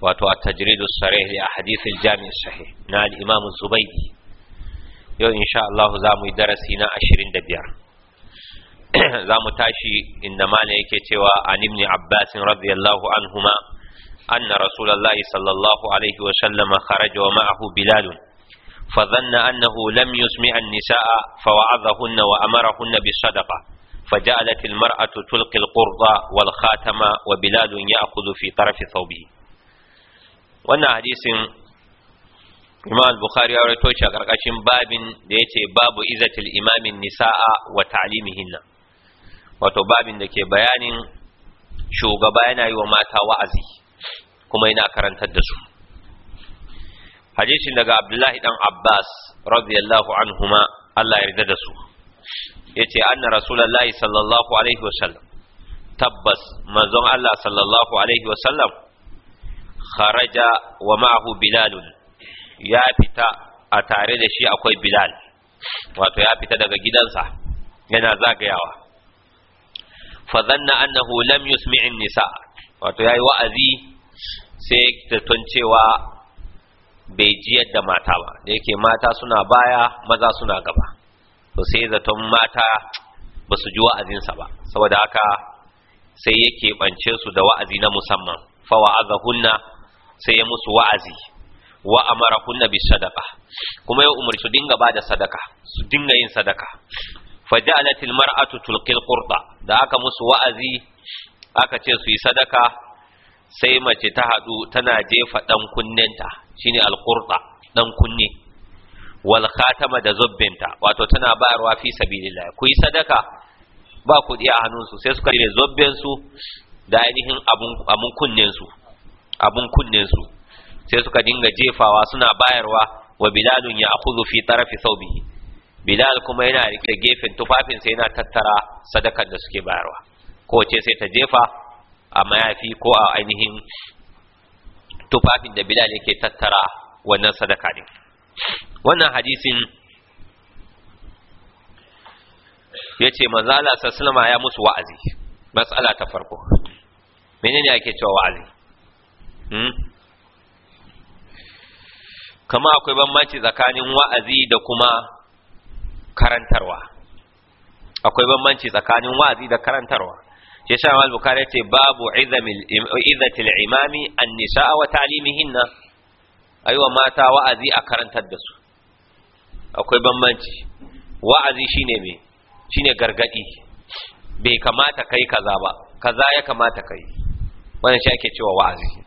wato a tajridu sarih li ahadithil jami sahih na al-imam zubaidi yau insha Allah za mu yi darasi na 25 za mu tashi inda mala yake cewa an ibn abbas radiyallahu anhuma anna rasulullahi sallallahu alaihi wa sallam kharaja wa ma'ahu bilal فظن أنه لم يسمع النساء فوعظهن وأمرهن بالصدقة فجعلت المرأة تلقي القرض والخاتم وبلال يأخذ في طرف ثوبه wannan hadisin imam al-bukhari ya rawaito shi a karkashin babin da yace babu izatil imamin nisaa wa ta'limihinna wato babin da ke bayanin shugaba yana yi wa mata wa'azi kuma yana karantar da su hadisin daga abdullahi dan abbas radiyallahu anhuma Allah ya yarda da su yace anna rasulullahi sallallahu alaihi wasallam tabbas manzon Allah sallallahu alaihi wasallam kharaja wa ma'ahu bilalun ya fita a tare da shi akwai bilal wato ya fita daga gidansa yana zagayawa fa zanna annahu lam mi'in nisa wato yayi wa'azi sai ta cewa bai ji yadda mata ba da yake mata suna baya maza suna gaba to sai zaton mata ba su ji wa'azinsa ba saboda haka sai yake bance su da wa'azi na musamman fa wa'azahunna sai ya musu wa'azi wa amara kunna bi sadaka kuma ya umar su dinga bada sadaka su dinga yin sadaka faja'alat tilmar tulqil qurda da aka musu wa'azi aka ce su yi sadaka sai mace ta hadu tana jefa dan kunnenta shine alqurda dan kunne wal khatama da zubbinta wato tana bayarwa fi sabilillah ku yi sadaka ba ku a hannunsu sai suka yi zobben su da ainihin abun kunnen su abun kunnen su sai suka dinga jefawa suna bayarwa wa bilalun ya akhudhu fi tarafi thawbihi bilal kuma yana rike gefen tufafin sai yana tattara sadakar da suke bayarwa ko ce sai ta jefa a mayafi ko a ainihin tufafin da bilal yake tattara wannan sadaka din wannan hadisin ya ce manzala sassalama ya musu wa'azi matsala ta farko menene ake cewa wa'azi Hmm? kama akwai bambanci tsakanin wa'azi da kuma karantarwa akwai bambanci tsakanin wa'azi da karantarwa sha sa mal bukari yace babu izatil imami an nisaa wa ta'limihinna aiwa mata wa'azi a karantar da su akwai bambanci wa'azi shine me shine gargadi bai kamata kai kaza ba kaza ya kamata kai wannan shi ake cewa wa'azi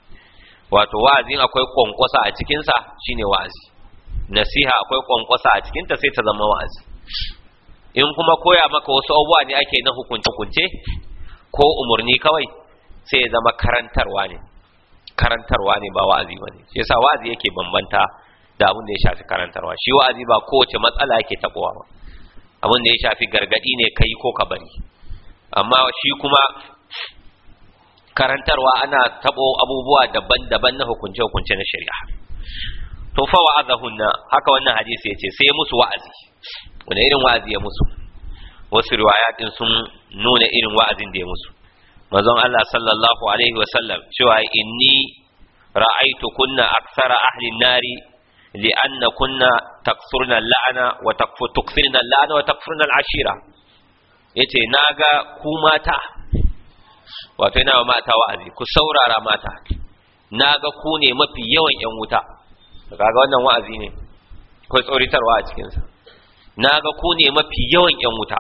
wato wa'azin akwai kwankwasa a cikinsa shine wa'azi nasiha akwai kwankwasa a cikinta sai ta zama wa'azi in kuma koya maka wasu abubuwa ne ake na hukunce-hukunce ko umarni kawai sai ya zama karantarwa ne karantarwa ne ba wa'azi ba ne shi yasa wa'azi yake bambanta da abin da ya shafi karantarwa shi wa'azi ba kowace matsala yake taɓowa ba abin da ya shafi gargaɗi ne kai ko ka bari amma shi kuma karantarwa ana tabo abubuwa daban-daban na hukunce-hukunce na shari'a to fa wa'azahunna haka wannan hadisi yace sai musu wa'azi wani irin wa'azi ya musu wasu riwayatin sun nuna irin wa'azin da ya musu manzon Allah sallallahu alaihi wa sallam cewa inni ra'aitu kunna aksara ahli nari li'anna kunna taksurna la'ana wa takfurna la'ana wa takfurna al'ashira yace naga ku mata wato yana wa mata wa'azi ku saurara mata na ga ku ne mafi yawan yan wuta kaga wannan wa'azi ne ko tsoritarwa a cikinsa na ga ku ne mafi yawan yan wuta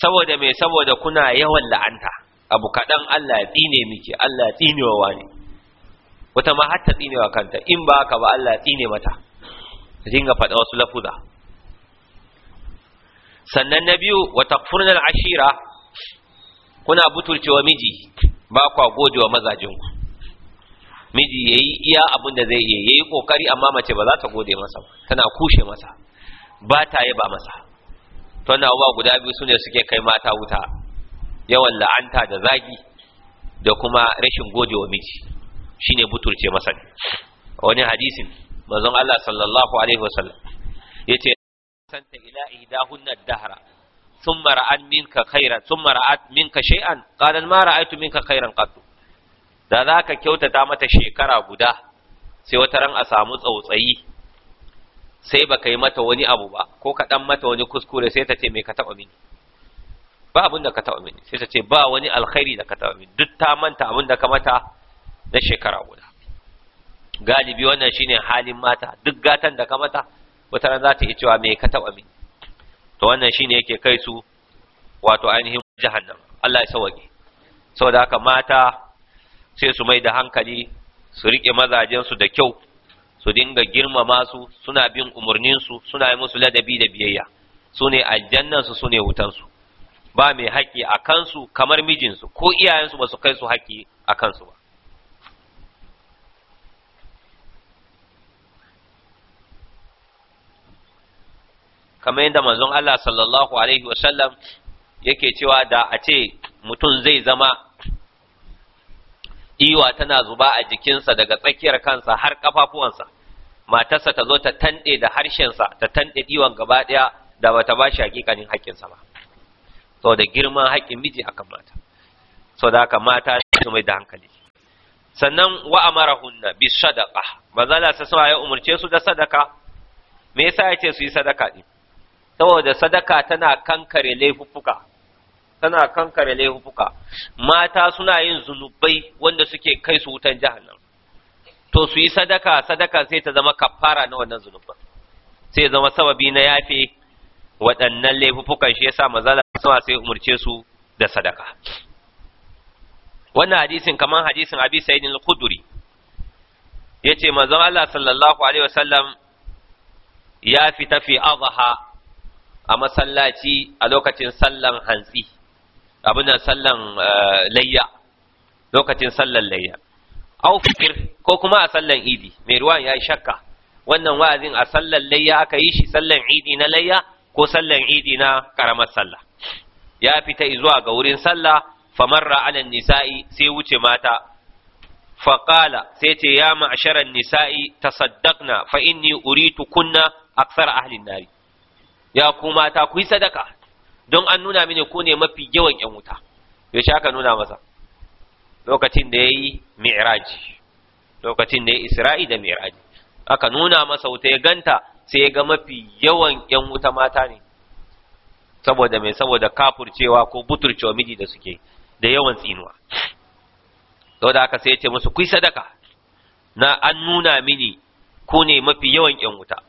saboda me saboda kuna yawan la'anta abu kaɗan Allah ya tsine miki Allah ya tsine wa wani wata ma har ta tsine wa kanta in ba haka ba Allah ya tsine mata ta dinga faɗa wasu lafuza sannan na biyu wa al ashira kuna wa miji ba kwa wa mazajinku miji yayi iya abin da zai iya yayi kokari amma mace ba za ta gode masa tana kushe masa ba ta yi ba masa to na guda biyu sune suke kai mata wuta yawan la'anta da zagi da kuma rashin wa miji shine butulce masa wani hadisin manzon Allah sallallahu alaihi wasallam yace santa ila ihdahunna dahra ثم رأت منك خيرا ثم رأت منك شيئا قال ما رأيت منك خيرا قط da za ka kyautata mata shekara guda sai wata ran a samu tsautsayi sai baka yi mata wani abu ba ko ka dan mata wani kuskure sai ta ce me ka taɓa mini ba abin da ka taɓa mini sai ta ce ba wani alkhairi da ka taɓa mini duk ta manta abin da ka mata na shekara guda galibi wannan shine halin mata duk gatan da ka mata wata ran za ta iya cewa me ka taɓa mini to wannan shine yake kai su wato ainihin jahannam Allah ya sauke saboda haka mata sai su mai da hankali su rike mazajen su da kyau su dinga girmama su suna bin umurnin su suna yi musu ladabi da biyayya su ne aljannan su ne wutan su ba mai haƙƙi a su kamar mijin su, ko iyayensu ba su kai su haƙi a su ba kamar yadda manzon Allah sallallahu alaihi wasallam yake cewa da a ce mutum zai zama iwa tana zuba a jikinsa daga tsakiyar kansa har kafafuwansa matarsa ta zo ta tanɗe da harshensa ta tanɗe iwan gaba ɗaya da bata ba shi hakikanin haƙƙinsa ba so da girman haƙƙin miji akan mata so da haka mata su mai da hankali sannan wa hunna bi sadaqa manzala sa ya umurce su da sadaka me yasa yace su yi sadaka din saboda sadaka tana kankare laifuffuka tana kankare laifuka mata suna yin zunubai wanda suke kai su wutan jahannam to su yi sadaka sadaka sai ta zama kafara na wannan zunuban sai zama sababi na yafe waɗannan laifukan shi yasa manzala sama sai umurce su da sadaka wannan hadisin kaman hadisin abi sayyidin al-khudri yace manzon Allah sallallahu alaihi wasallam ya fita fi adha a masallaci a lokacin sallan hantsi abin da sallan eh, layya lokacin sallan layya au fikir ko kuma a sallan idi mai ruwan ya yi shakka wannan wa'azin a sallan layya aka yi shi sallan idi na layya ko sallan idi na karamar sallah ya fita zuwa ga wurin sallah famarra ala nisa'i sai wuce mata faƙala sai ce ya ma'asharar nisa'i tasaddaqna fa inni uritu kunna aksar ahlin nari ya ku mata ku yi sadaka don an nuna mini ku ne mafi yawan yan wuta yaushe aka nuna masa lokacin da ya yi mi'raji lokacin da ya isra'i da mi'raji aka nuna masa wuta ya ganta sai ya ga mafi yawan yan wuta mata ne saboda mai saboda kafurcewa ko buturcewa miji da suke da yawan tsinuwa da aka sai ya ce musu kuyi sadaka na an nuna mini ku ne mafi yawan yan wuta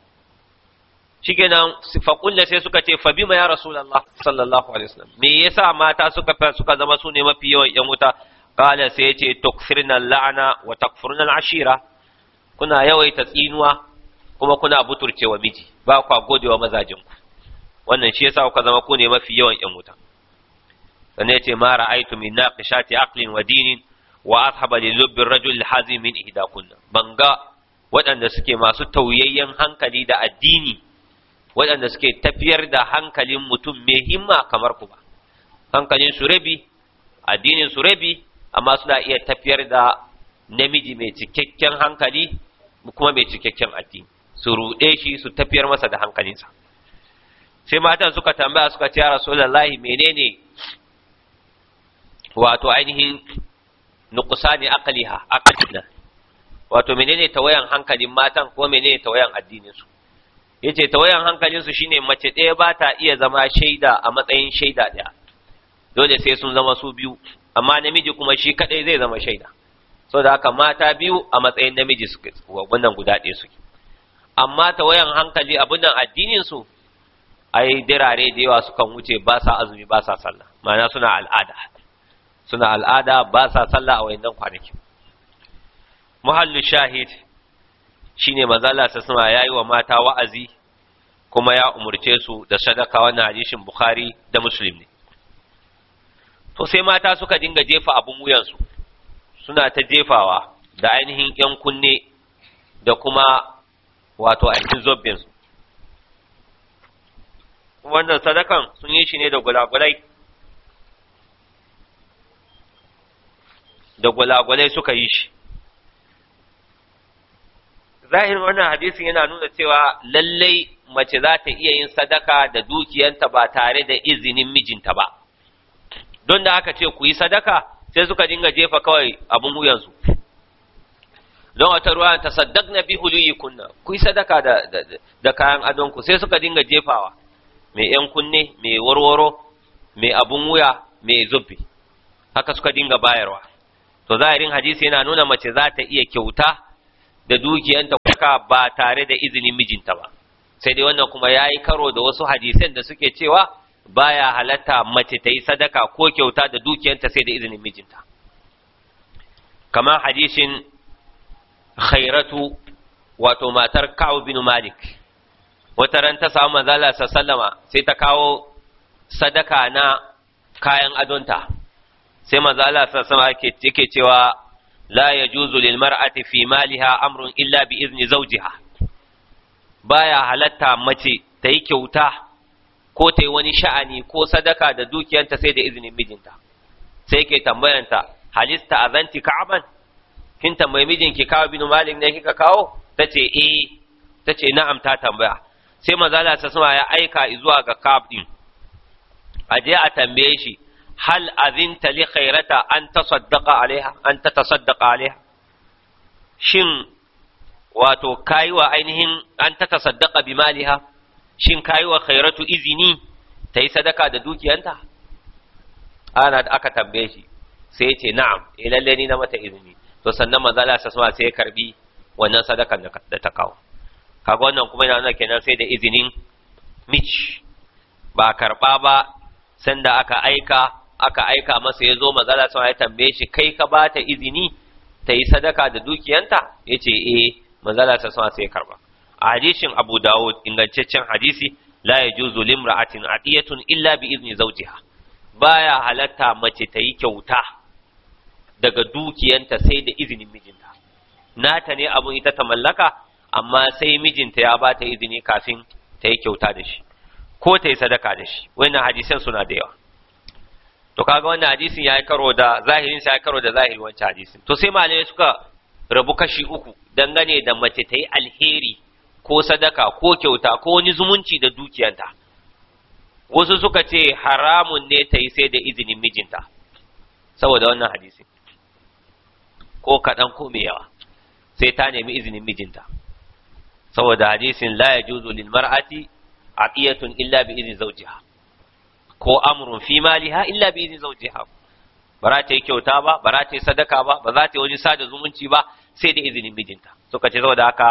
shikenan fa sai suka ce fa ma ya rasulullah sallallahu alaihi wasallam me yasa mata suka suka zama su ne mafi yawan yan wuta qala sai ya ce tukfirna la'ana wa takfurna ashira kuna yawaita tsinuwa kuma kuna buturcewa miji ba kwa godewa ku. wannan shi yasa kuka zama ku ne mafi yawan yan wuta sannan yace ma ra'aytu min naqishati aqlin wa dinin wa ashaba li lubbi rajul hazim min ihdakunna banga waɗanda suke masu tauyayyen hankali da addini waɗanda suke tafiyar da hankalin mutum mai himma kamar ku ba hankalin su rabi addinin su rabi amma suna iya tafiyar da namiji mai cikakken hankali kuma mai cikakken addini su ruɗe shi su tafiyar masa da hankalinsa sai matan suka tambaya suka ce ya rasulullahi menene wato ainihin nuqsani aqliha aqlina wato menene tawayan hankalin matan ko menene tawayan addinin su yace tawayan hankalinsu shine mace ɗaya ba ta iya zama shaida a matsayin shaida ɗaya dole sai sun zama su biyu amma namiji kuma shi kaɗai zai zama shaida so da haka mata biyu a matsayin namiji suke wannan guda ɗaya suke amma tawayan hankali abin nan addinin su ai dirare da yawa sukan wuce ba sa azumi ba sa sallah ma'ana suna al'ada suna al'ada ba sa sallah a wayannan kwanaki muhallu shahid Shi ne shine manzo suna ya yi wa mata wa'azi kuma ya umarce su da sadaka wannan hadisin Bukhari da Musulmi. ne to sai mata suka dinga jefa abin wuyansu suna ta jefawa da ainihin yan kunne da kuma wato ainihin zobbin wannan sadakan sun yi shi ne da gulagulai da gulagulai suka yi shi zahirin wannan hadisin yana nuna cewa lallai mace za ta iya yin sadaka da dukiyanta ba tare da izinin mijinta ba don da aka ce ku yi sadaka sai suka dinga jefa kawai abun wuyansu don wata ruwa ta saddak na bi huluyi kunna ku yi sadaka da, da, kayan adonku sai suka dinga jefawa mai yan kunne mai warwaro mai abun wuya mai zubi. haka suka dinga bayarwa to zahirin hadisi yana nuna mace za ta iya kyauta da dukiyanta kuka ba tare da izinin mijinta ba sai dai wannan kuma yayi karo da wasu hadisan da suke cewa baya halatta mace ta yi sadaka ko kyauta da dukiyanta sai da izinin mijinta kamar hadisin khairatu wato matar kawo bin malik wata ran ta samu manzala sallama sai ta kawo sadaka na kayan adonta sai manzala sallama yake cewa la yajuzu lil mar'ati fi maliha amrun illa bi izni zawjiha baya halatta mace ta yi kyauta ko ta yi wani sha'ani ko sadaka da dukiyanta sai da izinin mijinta sai ke tambayanta halista azanti ka'aban kin tambayi mijinki kawo binu malik ne kika kawo tace eh tace na'am ta tambaya sai manzo Allah ya aika zuwa ga Ka'ab ɗin. Aje a tambaye shi hal azinta li khairata an tasaddaqa alaiha an tatasaddaqa alaiha shin wato kayiwa ainihin an tatasaddaqa bi maliha shin kayiwa khairatu izini ta yi sadaka da dukiyanta ana aka tambaye shi sai ya na'am eh lalle na mata izini to sannan manzo Allah sasma sai wannan sadaka da ta kawo kaga wannan kuma yana nuna kenan sai da izinin mich ba karba ba sanda aka aika aka aika masa ya zo mazala sun ya tambaye shi kai ka ba ta izini ta yi sadaka da dukiyanta ya ce eh mazala ta sun sai karba a hadisin abu dawud ingantaccen hadisi la yajuzu limra'atin tun illa bi izini izni zawjiha baya halatta mace ta yi kyauta daga dukiyanta sai da izinin mijinta nata ne abun ita ta mallaka amma sai mijinta ya ba ta izini kafin ta yi kyauta da shi ko ta yi sadaka da shi wannan hadisan suna da yawa to kaga wannan hadisin ya yi karo da zahirin ya karo da zahiri wancan hadisin to sai malamai suka rabu kashi uku dangane da mace ta yi alheri ko sadaka ko kyauta ko wani zumunci da dukiyanta wasu suka ce haramun ne ta yi sai da izinin mijinta saboda wannan hadisin ko kaɗan ko mai yawa sai ta nemi izinin mijinta saboda hadisin la ya yajuzu lil mar'ati aqiyatun illa bi izni zawjiha ko amrun fi maliha illa bi izni zawjiha ba ta yi kyauta ba ba ta yi sadaka ba ba za ta yi wani sada zumunci ba sai da izinin mijinta suka ce saboda haka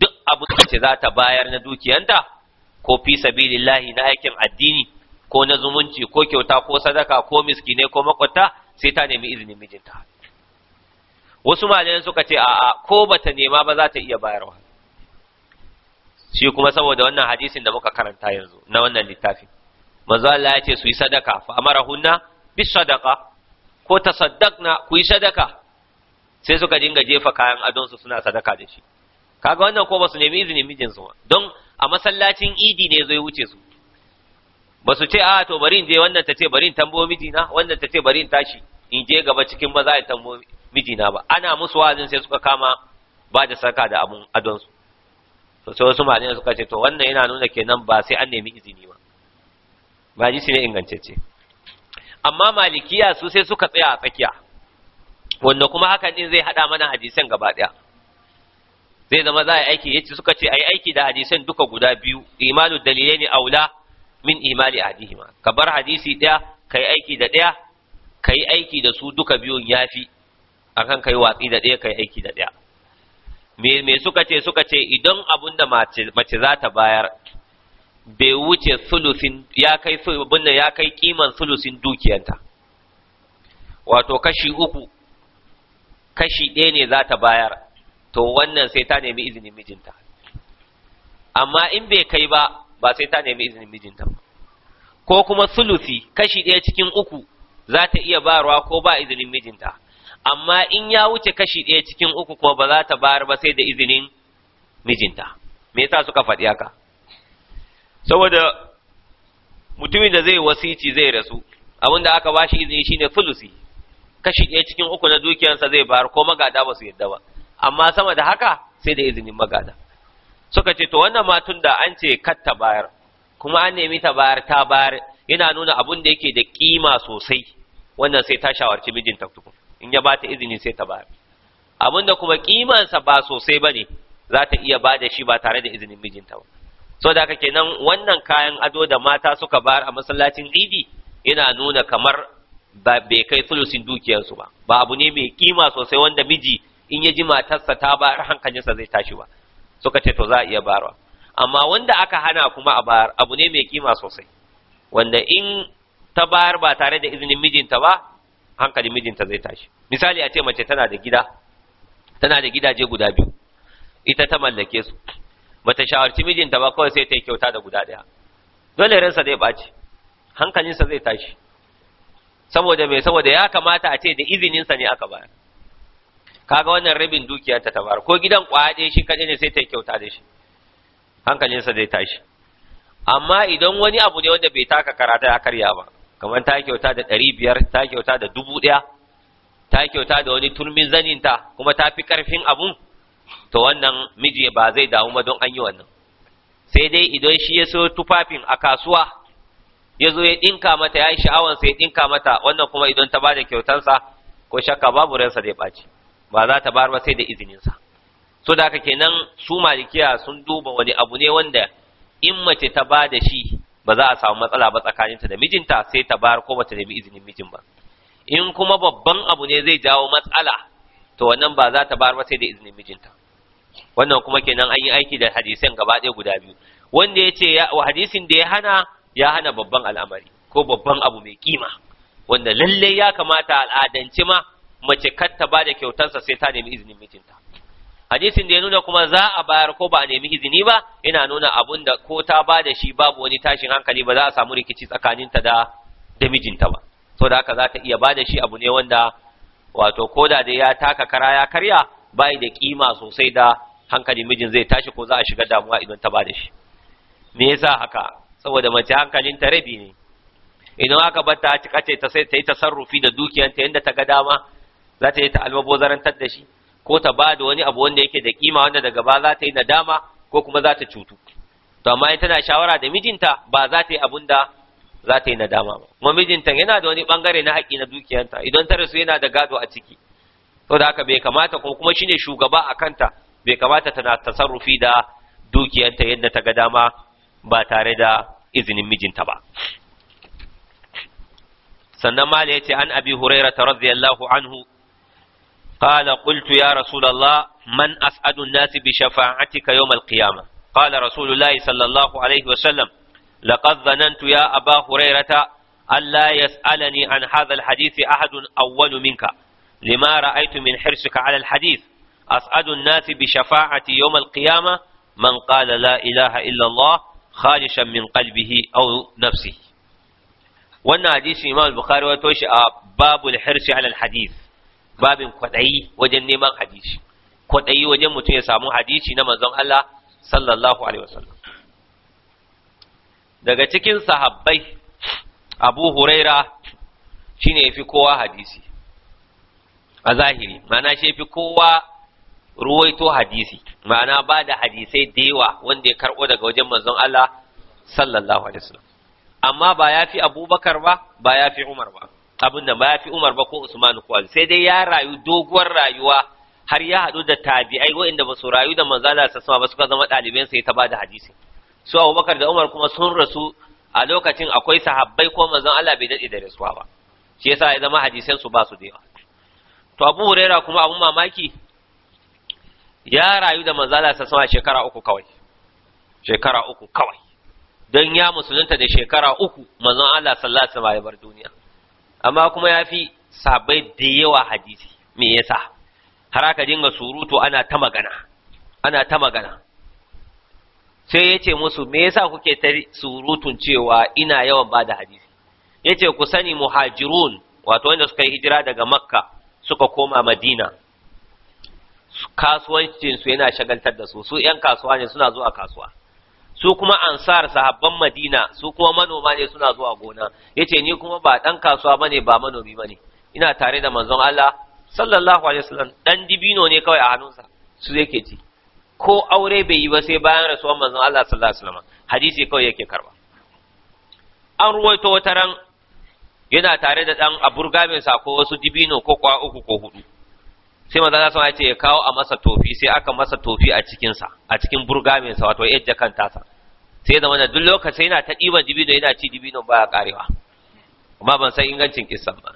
duk abu da ce za ta bayar na dukiyanta ko fi sabilillahi na aikin addini ko na zumunci ko kyauta ko sadaka ko miskine ko makwata sai ta nemi izinin mijinta wasu malayan suka ce a'a ko bata nema ba za ta iya bayarwa shi kuma saboda wannan hadisin da muka karanta yanzu na wannan littafin manzo Allah ya ce su yi sadaka fa hunna bi sadaka ko tasaddaqna ku yi sadaka sai suka dinga jefa kayan adon su suna sadaka da shi kaga wannan ko basu nemi izinin mijin su don a masallacin idi ne zai wuce su ba su ce a to bari in je wannan ta ce bari in tambo mijina wannan ta ce bari in tashi in je gaba cikin maza in tambo mijina ba ana musu wazin sai suka kama ba da saka da abun adon su to sai wasu malamai suka ce to wannan yana nuna kenan ba sai an nemi izini ba ba hadisi ne ingantacce amma malikiya su sai suka tsaya a tsakiya wanda kuma hakan din zai haɗa mana hadisan gaba daya zai zama za a aiki yace suka ce ai aiki da hadisan duka guda biyu imalu dalilaini aula min imali ahadihima ka bar hadisi daya kai aiki da daya kai aiki da su duka biyun yafi akan kai watsi da daya kai aiki da daya me me suka ce suka ce idan abun da mace za ta bayar bai wuce sulusin ya kai binne ya kai kiman sulusin dukiyanta wato kashi uku kashi ɗaya ne za ta bayar to wannan sai ta nemi izinin mijinta amma in bai kai ba ba sai ta nemi izinin mijinta ko kuma sulusi kashi ɗaya cikin uku za ta iya barwa ko ba izinin mijinta amma in ya wuce kashi ɗaya cikin uku kuma ba za ta bayar ba sai da izinin mijinta me yasa suka faɗi haka saboda mutumin da zai wasici zai rasu abin da aka bashi izini shine fulusi kashi ɗaya cikin uku na dukiyarsa zai bayar ko magada ba su yadda ba amma sama da haka sai da izinin magada suka ce to wannan matun da an ce katta ta bayar kuma an nemi ta bayar ta bayar yana nuna abun da yake da kima sosai wannan sai ta shawarci mijinta tukun in ya ba ta izini sai ta bayar abun da kuma kimansa ba sosai bane za ta iya ba da shi ba tare da izinin mijinta ba so da kenan wannan kayan ado da mata suka bayar a masallacin idi yana nuna kamar ba bai kai sulusin dukiyarsu ba ba abu ne mai kima sosai wanda miji in ya ji matarsa ta bayar hankalinsa zai tashi ba suka ce to za a iya bayarwa amma wanda aka hana kuma a bayar abu ne mai kima sosai wanda in ta bayar ba tare da izinin mijinta ba hankalin mijinta zai tashi misali a ce mace tana da gida tana da gidaje guda biyu ita ta mallake su bata shawarci mijinta ba kawai sai ta yi kyauta da guda ɗaya dole ransa zai ɓaci hankalinsa zai tashi saboda mai saboda ya kamata a ce da izininsa ne aka bayar kaga wannan rabin dukiyarta ta tabar ko gidan kwaɗe shi kaɗai ne sai ta yi kyauta da shi hankalinsa zai tashi amma idan wani abu ne wanda bai taka karata ya karya ba kamar ta kyauta da ɗari biyar ta kyauta da dubu ɗaya ta kyauta da wani turmin zaninta kuma ta fi ƙarfin abun to wannan miji ba zai damu ba don an yi wannan sai dai idan shi ya so tufafin a kasuwa ya zo ya dinka mata ya yi sha'awar sai ya dinka mata wannan kuma idan ta bada kyautansa ko shakka babu ransa zai ɓaci ba za ta bar ba sai da izininsa so da haka kenan su malikiya sun duba wani abu ne wanda in mace ta ba da shi ba za a samu matsala ba tsakaninta da mijinta sai ta bar ko bata nemi izinin mijin ba in kuma babban abu ne zai jawo matsala to wannan ba za ta bar ba sai da izinin mijinta wannan kuma kenan an yi aiki da hadisan gaba ɗaya guda biyu wanda ya ce wa hadisin da ya hana ya hana babban al'amari ko babban abu mai kima wanda lalle ya kamata al'adance ma mace kar ta bada kyautarsa sai ta nemi izinin mijinta hadisin da ya nuna kuma za a bayar ko ba a nemi izini ba yana nuna abun da ko ta bada shi babu wani tashin hankali ba za a samu rikici tsakaninta da da mijinta ba saboda haka za ta iya bada shi abu ne wanda wato koda da ya taka kara ya karya bai da kima sosai da hankali mijin zai tashi ko za a shiga damuwa idan ta ba da shi me yasa haka saboda mace hankalin ta rabi ne idan aka bar ta cika ce ta sai ta yi tasarrufi da dukiyanta yadda ta ga dama za ta yi ta almabozarantar da shi ko ta ba da wani abu wanda yake da kima wanda daga ba za ta yi nadama ko kuma za ta cutu to amma in tana shawara da mijinta ba za ta yi abun da za ta yi nadama ba kuma mijinta yana da wani bangare na haƙƙi na dukiyanta idan ta rasu yana da gado a ciki to da haka bai kamata ko kuma shine shugaba a kanta bai kamata tana tasarrufi da dukiyanta yadda ta ga dama ba tare da izinin mijinta ba sannan mala ya ce an abi hurairata ta radiyallahu anhu qala qultu ya rasulullah man as'adu an-nasi bi shafa'atika yawm al-qiyamah qala rasulullah sallallahu alaihi wa sallam laqad dhanantu ya aba hurairata Allah alla yas'alani an hadha al-hadith ahadun awwalu minka lima ra'aytu min hirsika ala alhadith as'adu an-nasi bi shafa'ati yawm al-qiyamah man qala la ilaha illa Allah khalishan min qalbihi aw nafsihi wannan hadisi Imam al-Bukhari wato shi a babul hirsi ala al-hadith babin kwadayi wajen neman hadisi kwadayi wajen mutum ya samu hadisi na manzon Allah sallallahu alaihi wasallam daga cikin sahabbai Abu Huraira shine yafi kowa hadisi a zahiri ma'ana shi fi kowa ruwaito hadisi ma'ana ba da hadisai da yawa wanda ya karɓo daga wajen manzon Allah sallallahu alaihi wasallam amma ba ya fi abubakar ba ba ya fi umar ba abin da ba ya fi umar ba ko usman ko ali sai dai ya rayu doguwar rayuwa har ya haɗu da tabi'ai waɗanda ba su rayu da manzala sassama ba suka zama ɗalibai sai ta ba da hadisi su abubakar da umar kuma sun rasu a lokacin akwai sahabbai ko manzon Allah bai daɗe da rasuwa ba shi yasa ya zama hadisan su ba su da yawa to abu huraira kuma abun mamaki ya rayu da manzala sa sama shekara uku kawai shekara uku kawai don ya musulunta da shekara uku manzon Allah sallallahu alaihi wasallam ya duniya amma kuma ya fi sabai da yawa hadisi me yasa har aka dinga surutu ana ta magana ana ta magana sai ya ce musu me yasa kuke ta surutun cewa ina yawan bada hadisi ya ce ku sani muhajirun wato wanda suka yi hijira daga makka suka koma madina kasuwancinsu yana shagaltar da su su ‘yan kasuwa ne suna zuwa kasuwa su kuma ansar sahabban madina su kuma manoma ne suna zuwa gona ya ce ni kuma ba ɗan kasuwa ba ne ba manomi ba ne ina tare da manzon Allah sallallahu alaihi wasallam ɗan dibino ne kawai a hannunsa su yake ci ko aure bai yi ba sai bayan rasuwan manzon Allah sallallahu alaihi wasallam hadisi kawai yake karba an ruwaito wata ran yana tare da ɗan aburgamin sa ko wasu dibino ko kwa uku ko hudu sai maza sun ya ce ya kawo a masa tofi sai aka masa tofi a cikin sa a cikin burgamin sa wato yadda kan tasa sai da wannan duk lokacin yana ta diban dibino yana ci dibino baya karewa amma ban san ingancin kissan ba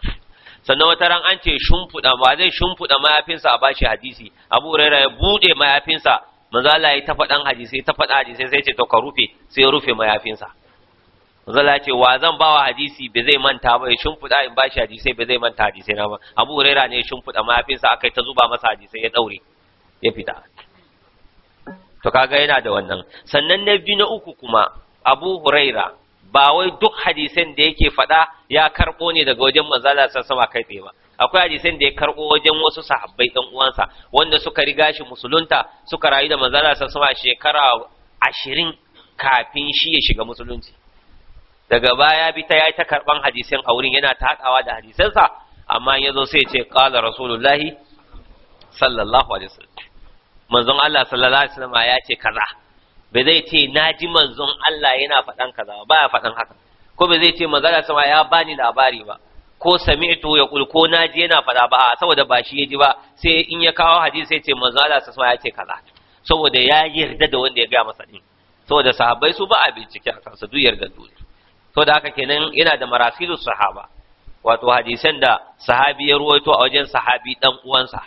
sannan wata ran an ce shumfuda ba zai shumfuda mayafinsa a bashi hadisi Abu raira ya bude mayafinsa maza Allah ya ta faɗan hadisi ta faɗa hadisi sai ce to ka rufe sai ya rufe mayafinsa zala ce wa zan bawa hadisi ba zai manta ba ya shimfiɗa in bashi hadisi ba zai manta hadisi na ba abu huraira ne ya shimfiɗa mayafinsa aka ta zuba masa hadisi ya daure ya fita to kaga yana da wannan sannan na biyu na uku kuma abu huraira ba wai duk hadisin da yake faɗa ya karɓo ne daga wajen manzala san sama kai tsaye ba akwai hadisin da ya karɓo wajen wasu sahabbai ɗan uwansa wanda suka riga shi musulunta suka rayu da manzala san sama shekara ashirin kafin shi ya shiga musulunci daga baya bi ta yayi ta karban hadisin a wurin yana ta hadawa da hadisansa amma ya zo sai ce qala rasulullahi sallallahu alaihi wasallam manzon Allah sallallahu alaihi wasallam ya ce kaza bai zai ce naji manzon Allah yana faɗan kaza ba ya faɗan haka ko bai zai ce manzon Allah sama ya bani labari ba ko sami'tu ya kul ko naji yana faɗa ba saboda ba shi yaji ba sai in ya kawo hadisi sai ce manzon Allah sallallahu alaihi wasallam ya ce kaza saboda ya yarda da wanda ya ga masa din saboda sahabbai su ba a bincike a kansu duk yarda dole to da haka kenan yana da marasilu sahaba wato hadisan da sahabi ya ruwaito a wajen sahabi dan uwansa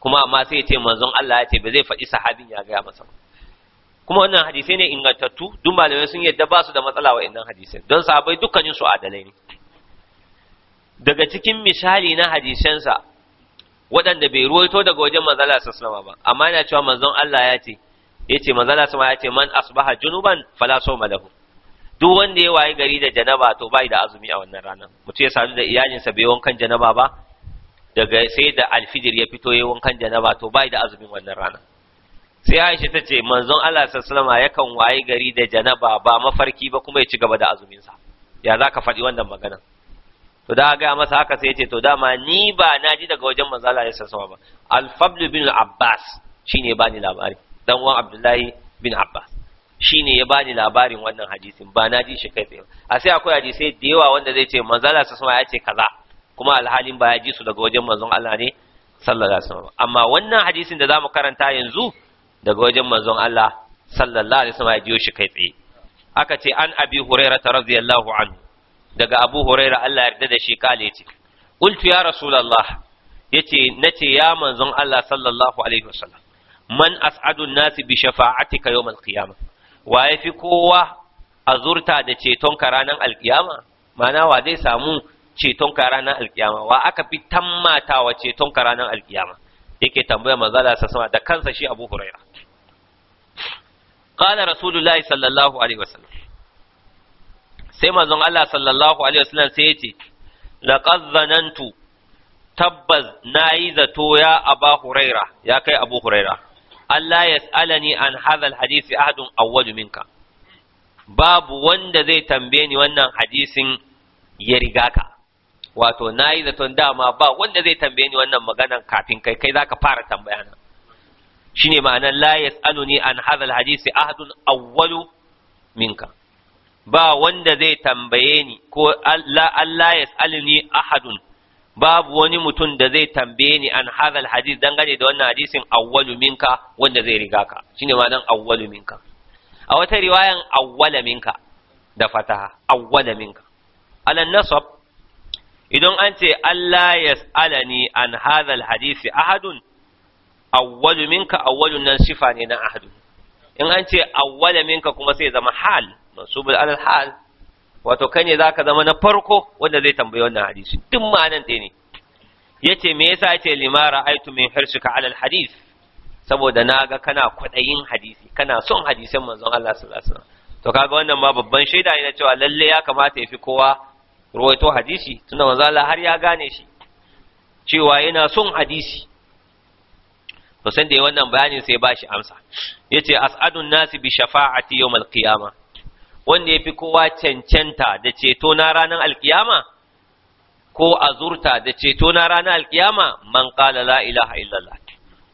kuma amma sai ya ce manzon Allah ya ce ba zai faɗi sahabin ya gaya masa kuma wannan hadisai ne ingantattu duk malamai sun yadda ba su da matsala wa'annan hadisai don sahabai dukkanin su adalai ne daga cikin misali na hadisansa waɗanda bai ruwaito daga wajen manzala sallama ba amma yana cewa manzon Allah ya ce ya ce manzala sama ya ce man asbaha junuban fala sawma duk wanda ya waye gari da janaba to bai da azumi a wannan ranar mutum ya sadu da iyalinsa bai wankan janaba ba daga sai da alfijir ya fito ya wankan janaba to bai da azumin wannan ranar sai Aisha ta ce manzon Allah sallallahu alaihi yakan waye gari da janaba ba mafarki ba kuma ya ci gaba da azumin sa ya zaka faɗi wannan magana to da ga masa haka sai ya ce to dama ni ba na ji daga wajen manzon Allah sallallahu alaihi ba al bin Abbas shine bani labari dan uwan Abdullahi bin Abbas shine ya bani labarin wannan hadisin ba na ji shi kai tsaye a sai akwai hadisai da yawa wanda zai ce manzala sa sama ya ce kaza kuma alhalin ba ya ji su daga wajen manzon Allah ne sallallahu alaihi wasallam amma wannan hadisin da zamu karanta yanzu daga wajen manzon Allah sallallahu alaihi wasallam ya ji shi kai tsaye aka ce an abi ta radiyallahu anhu daga abu huraira Allah ya yarda da shi kale ce qultu ya rasulullah yace nace ya manzon Allah sallallahu alaihi wasallam man as'adun nasi bi shafa'atika yawm al-qiyamah wa ya fi kowa a zurta da ceton ka ranar alkiyama mana wa zai samu ceton ka ranar alkiyama wa aka fi wa ceton ka ranar alkiyama yake tambaya manzala sa sama da kansa shi abu huraira qala rasulullahi sallallahu alaihi wasallam sai manzon Allah sallallahu alaihi wasallam sai yace laqad zanantu tabbas nayi zato ya aba huraira ya kai abu huraira Allah ya tsalani an hadal hadisi ahadun awwalu minka babu wanda zai tambaye ni wannan hadisin ya riga ka wato na yi zaton dama ba wanda zai tambaye ni wannan maganan kafin kai kai zaka fara tambaya na shine ma'anar la yas'aluni an hadal hadisi ahadun awwalu minka ba wanda zai tambaye ni ko la Allah yas'aluni ahadun babu wani mutum da zai tambaye ni an hadal hadis dangane da wannan hadisin awwalu minka wanda zai riga ka shine ma nan awwalu minka a wata riwayan awwala minka da fataha awwala minka nasab idan an ce Allah yas'alani an hadal hadisi ahadun awwalu minka awwalun nan sifa ne na ahadun in an ce awwala minka kuma sai zama hal mansubul alal hal wato kai ne za ka zama na farko wanda zai tambayi wannan hadisi duk ma'anan ɗaya ne yace me yasa yace limara aitu min hirsuka alal hadis saboda na ga kana kwaɗayin hadisi kana son hadisan manzon Allah sallallahu alaihi wasallam to kaga wannan ma babban shaida ne na cewa lalle ya kamata ya fi kowa ruwaito hadisi tunda manzon Allah har ya gane shi cewa yana son hadisi to san da wannan bayanin sai ba shi amsa yace as'adun nasi bi shafa'ati yawmal qiyamah wanda ya fi kowa cancanta da ceto na ranar alkiyama ko azurta da ceto na ranar alkiyama man qala la ilaha illallah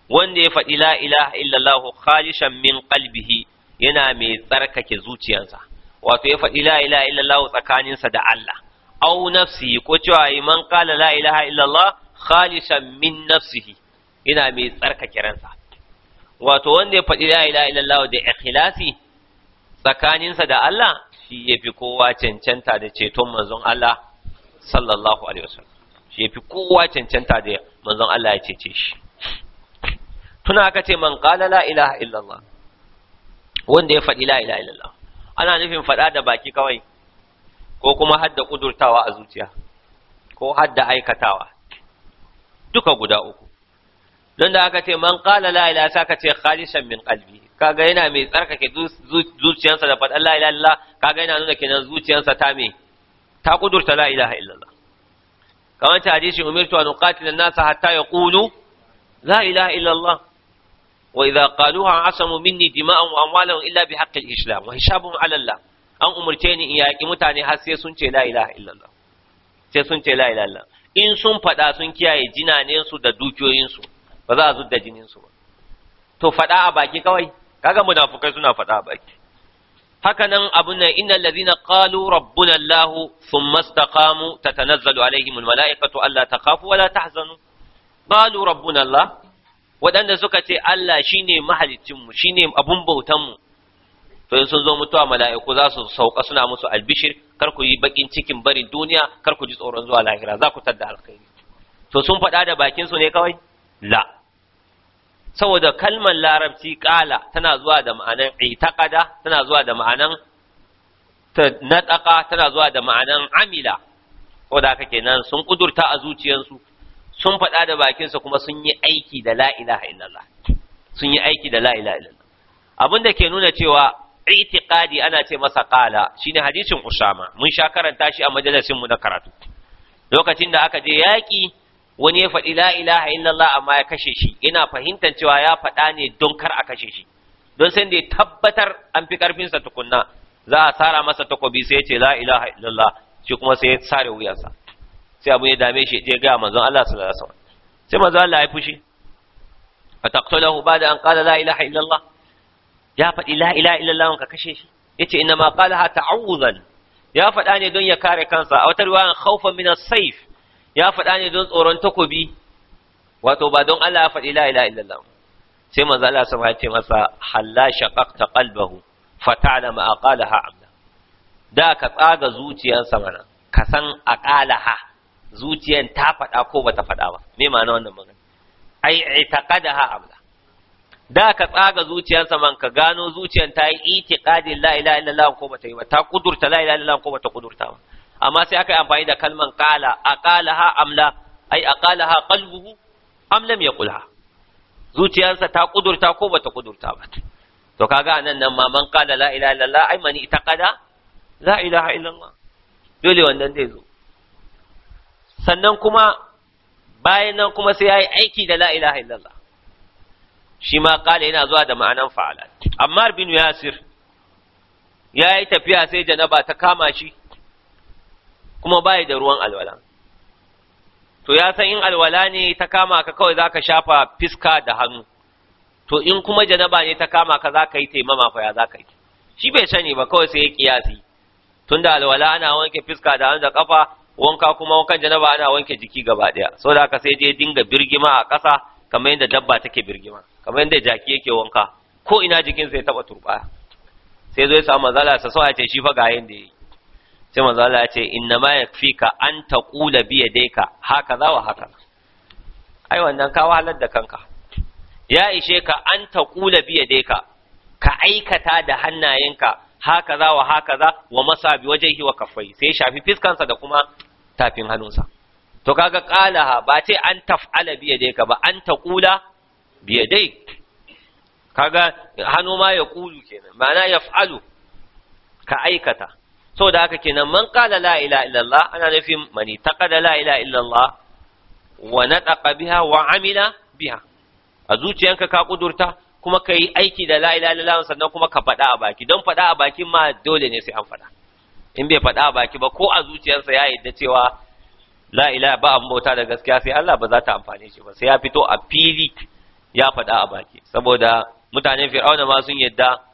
wanda ya faɗi la ilaha illallah khalishan min qalbihi yana mai tsarkake zuciyarsa wato ya faɗi la ilaha illallah tsakaninsa da Allah au nafsihi ko cewa man qala la ilaha illallah khalishan min nafsihi yana mai tsarkake ransa wato wanda ya faɗi la ilaha illallah da ikhlasi tsakaninsa da Allah shi ya fi kowa cancanta da ceton manzon Allah sallallahu alaihi wasallam shi ya fi kowa cancanta da manzon Allah ya cece shi tuna aka ce man qala la ilaha illallah wanda ya faɗi la ilaha illallah ana nufin faɗa da baki kawai ko kuma hadda kudurtawa a zuciya ko hadda aikatawa duka guda uku don da aka ce man qala la ilaha sai aka ce khalisan min kalbi. kaga yana mai tsarkake zuciyarsa da faɗan la ilaha illallah kaga yana nuna kenan zuciyarsa ta me ta kudurta la ilaha illallah kamar ta hadisi umirtu an uqatila an-nasa hatta yaqulu la ilaha illallah wa idza qaluha asamu minni dima'an wa amwalahum illa bi haqqi al-islam wa hisabun 'ala Allah an umurce ni in yaki mutane har sai sun ce la ilaha illallah sai sun ce la ilaha illallah in sun faɗa sun kiyaye jinanensu da dukiyoyinsu ba za a zudda jininsu ba to faɗa a baki kawai kaga munafukai suna faɗa baki haka nan abun nan innal ladhina qalu rabbuna allah thumma istaqamu tatanazzalu alaihim al malaikatu ta takhafu wala ta tahzanu Ƙalu rabbuna allah waɗanda suka ce Allah shine mu shine abun bautanmu to in sun zo mutuwa mala'iku za su sauka suna musu albishir kar ku yi bakin cikin barin duniya kar ku ji tsoron zuwa lahira za ku tadda alkhairi to sun faɗa da bakin su ne kawai la saboda kalmar larabci ƙala tana zuwa da ma'anan itaƙada tana zuwa da ma'anan naɗaƙa tana zuwa da ma'anan amila wadda aka kenan sun ƙudurta a zuciyarsu sun faɗa da bakinsa kuma sun yi aiki da la ilaha illallah sun yi aiki da la ilaha illallah abin da ke nuna cewa itiqadi ana ce masa ƙala shine hadisin usama mun sha karanta shi a majalisin mu na karatu lokacin da aka je yaƙi wani ya faɗi la ilaha illallah amma ya kashe shi ina fahimtar cewa ya faɗa ne don kar a kashe shi don sai da ya tabbatar an fi ƙarfinsa tukunna za a sara masa takobi sai ya ce la ilaha illallah shi kuma sai ya sare wuyansa sai abu ya dame shi ya ga manzon Allah sallallahu alaihi wasallam sai manzon Allah ya fushi ataqtulahu ba'da an qala la ilaha illallah ya faɗi la ilaha illallah wanka kashe shi yace inna ma qalaha ta'awuzan ya faɗa ne don ya kare kansa a wata riwayan khawfan min as-sayf ya faɗa ne don tsoron takobi wato ba don Allah ya faɗi la ilaha illallah sai manzo Allah sun ce masa halla shaqaqta qalbahu fata'lama aqalaha amla da ka tsaga zuciyarsa mana ka san aqalaha zuciyar ta faɗa ko bata faɗa ba me ma'ana wannan magana ai i'taqadaha amla da ka tsaga zuciyarsa man ka gano zuciyar ta yi itiqadin la ilaha illallah ko bata yi ba ta kudurta la ilaha illallah ko bata kudurta ba amma sai aka yi amfani da kalman qala ha amla ai ha qalbuhu amlam ya yaqulha zuciyarsa ta kudurta ko bata kudurta ba to kaga anan nan ma man qala la ilaha illallah ai mani itaqada la ilaha illallah dole wannan zai zo sannan kuma bayan nan kuma sai yayi aiki da la ilaha illallah shi ma qala yana zuwa da ma'anan fa'ala Ammar bin Yasir ya yi tafiya sai janaba ta kama shi kuma bai da ruwan alwala to ya san in alwala ne ta kama ka kawai zaka shafa fiska da hannu to in kuma janaba ne ta kama ka zaka yi taimama fa ya zaka yi shi bai sani ba kawai sai ya kiyasi tunda alwala ana wanke fiska da hannu da kafa wanka kuma wankan janaba ana wanke jiki gaba daya da haka sai je dinga birgima a ƙasa kamar yadda dabba take birgima kamar yadda jaki yake wanka ko ina jikin sai taba turba sai zo ya samu matsala, sa so ya ce shi fa ga yanda da yi sai manzo Allah ya ce inna ma yakfika an taqula bi yadayka haka za wa haka ai wannan ka wahalar da kanka ya ishe ka an taqula bi yadayka ka aikata da hannayenka haka za wa haka za wa masa bi wajhihi wa kaffai sai shafi fiskansa da kuma tafin hannunsa to kaga qalaha ba ce an taf'ala bi yadayka ba an taqula bi yadayka kaga hannu ma ya kulu kenan ma'ana yaf'alu ka aikata da haka kenan man qala la ilaha illallah ana nufin mani taqada la ilaha illallah wa nataqa biha wa amila biha a zuciyanka ka kudurta kuma ka yi aiki da ilaha illallah sannan kuma ka faɗa a baki don faɗa a bakin ma dole ne sai an faɗa in bai faɗa a baki ba ko a zuciyarsa ya yadda cewa ilaha ba abin bauta da gaskiya sai Allah ba za ta amfane shi ba sai ya fito a fili ya faɗa a baki saboda mutanen fir'auna ma sun yadda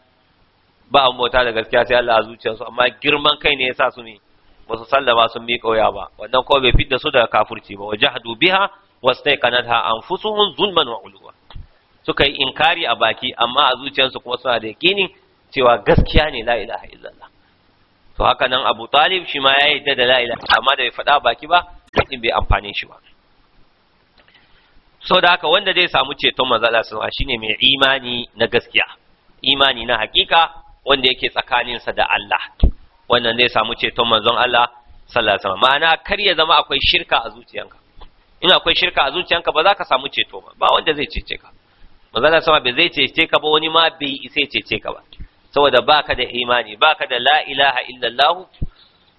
ba a mota da gaskiya sai Allah a zuciyarsu amma girman kai ne ya sa su ne ba su sallama sun mi kauya ba wannan ko bai fidda su daga kafurci ba Waje hadu biha wastaiqanatha anfusuhum zulman wa uluwa suka yi inkari a baki amma a zuciyarsu kuma suna da yakinin cewa gaskiya ne la ilaha illallah to haka nan Abu Talib shi ma yi da la ilaha amma da bai faɗa baki ba din bai amfane shi ba so da haka wanda zai samu ceton manzo Allah shine mai imani na gaskiya imani na hakika wanda yake tsakaninsa da Allah wannan zai samu ceton manzon Allah sallallahu alaihi wasallam ma'ana kar ya zama akwai shirka a zuciyanka in akwai shirka a zuciyanka ba za ka samu ceto ba ba wanda zai cece ka manzon Allah sama bai zai cece ka ba wani ma bai isa cece ka ba saboda baka da imani baka da la ilaha illallah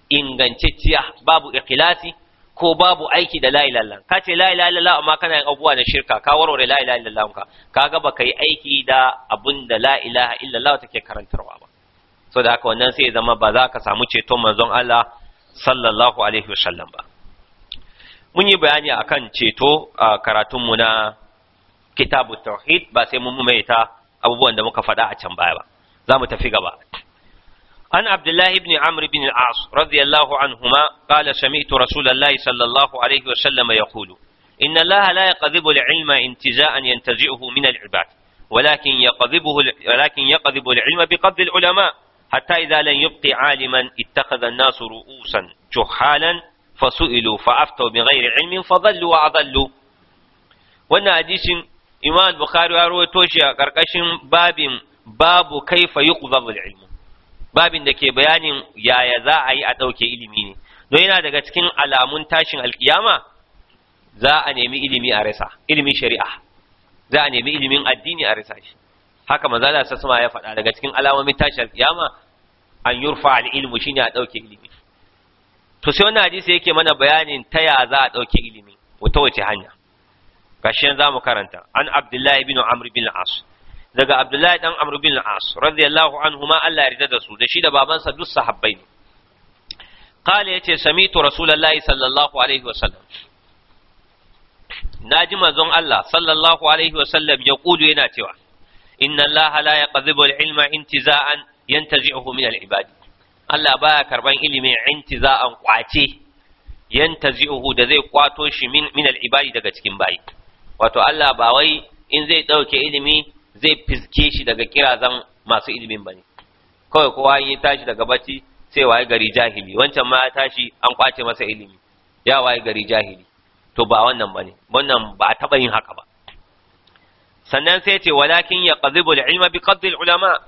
ingantacciya babu ikhlasi ko babu aiki da la ilaha illallah ka ce la ilaha illallah amma kana yin abubuwa na shirka ka warware la ilaha illallah ka kaga baka yi aiki da abun da la ilaha illallah take karantarwa ba so da haka wannan sai ya zama ba za ka samu ceton manzon Allah sallallahu alaihi wasallam ba mun yi bayani akan ceto a karatun mu na kitabu tauhid ba sai mun ta abubuwan da muka faɗa a can baya ba za mu tafi gaba عن عبد الله بن عمرو بن العاص رضي الله عنهما قال سمعت رسول الله صلى الله عليه وسلم يقول إن الله لا يقذب العلم انتزاء ينتزعه من العباد ولكن يقذبه ولكن يقذب العلم بقبض العلماء حتى إذا لم يبقي عالما اتخذ الناس رؤوسا جهالا فسئلوا فأفتوا بغير علم فضلوا وأضلوا وأن حديث إمام البخاري ya rawaito shi باب باب كيف babu العلم babin da ke bayanin yaya za a yi a ɗauke ilimi ne don yana daga cikin alamun tashin alkiyama za a nemi ilimi a rasa ilimin shari'a za a nemi ilimin addini a rasa shi haka maza da sassama ya faɗa daga cikin alamomin tashin alkiyama an yurfa al shine a ɗauke ilimi to sai wannan hadisi yake mana bayanin ta ya za a ɗauke ilimi wata wace hanya gashi yanzu za mu karanta an abdullahi bin amr bin al daga Abdullahi dan Amr bin al-As radiyallahu anhuma Allah ya rida da su da shi da babansa duk sahabbai ne qala yace samitu rasulullahi sallallahu alaihi wasallam naji manzon Allah sallallahu alaihi wasallam ya kudu yana cewa inna Allah la yaqdhibu al-ilma intiza'an yantazi'uhu min al-ibad Allah baya karban ilimi intiza'an kwace yantazi'uhu da zai kwato shi min min al-ibadi daga cikin bayi wato Allah ba wai in zai dauke ilimi zai fiske shi daga kirazan masu ilimin bane kawai kowa ya tashi daga bacci sai waye gari jahili wancan ma ya tashi an kwace masa ilimi ya waye gari jahili to ba wannan bane wannan ba a taba yin haka ba sannan sai ce walakin ya qadhibu al-ilma bi qadri ulama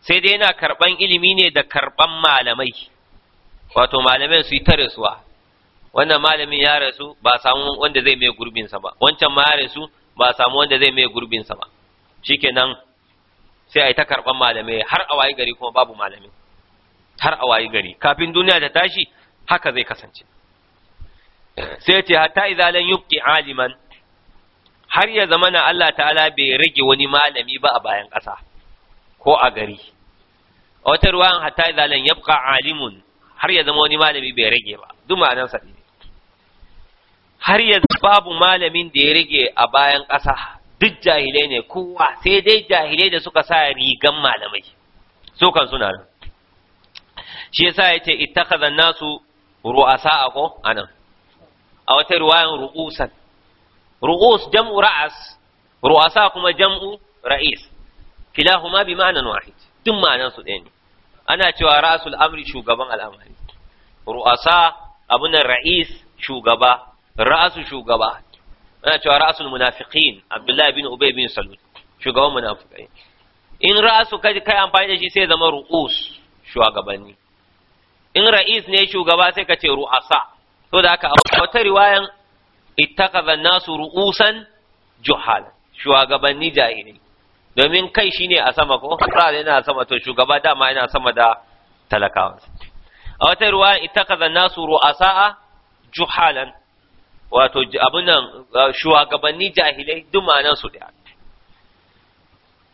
sai dai yana karban ilimi ne da karban malamai wato malamai su yi ta rasuwa wannan malamin ya rasu ba samu wanda zai mai gurbin sa ba wancan ma ya rasu ba samu wanda zai mai gurbin sa ba shikenan sai a yi ta karɓar malamai har a wayi gari kuma babu malami har a wayi gari kafin duniya ta tashi haka zai kasance sai ce hatta idan lan yubqi aliman har ya zamana Allah ta'ala bai rage wani malami ba a bayan ƙasa ko a gari a wata ruwan hatta idan lan yabqa alimun har ya zama wani malami bai rage ba duk ma'anar sa har ya babu malamin da ya rage a bayan ƙasa duk jahilai ne kowa sai dai jahilai da suka sa rigan malamai su kan suna nan shi yasa yace ittakhadha nasu ru'asa ko anan a wata riwayan ru'usan ru'us jam'u ra'as ru'asa kuma jam'u ra'is kilahuma bi ma'anan wahid duk ma'anan su ɗaya ne ana cewa ra'asul amri shugaban al'amari ru'asa abunan ra'is shugaba ra'asu shugaba ana cewa ra'asul munafiqin abdullahi bin ubay bin salul shugaban munafiqai in ra'asu kai kai amfani da shi sai zama ru'us shugabanni in ra'is ne shugaba sai ka ce ru'asa to da haka a wata riwayan ittakaza nasu ru'usan juhal shugabanni jahilai domin kai shine a sama ko ra'ayi yana sama to shugaba dama yana sama da talakawa a wata ita ittakaza nasu ru'asa'a juhalan wato abun nan shugabanni jahilai duk ma'anar su da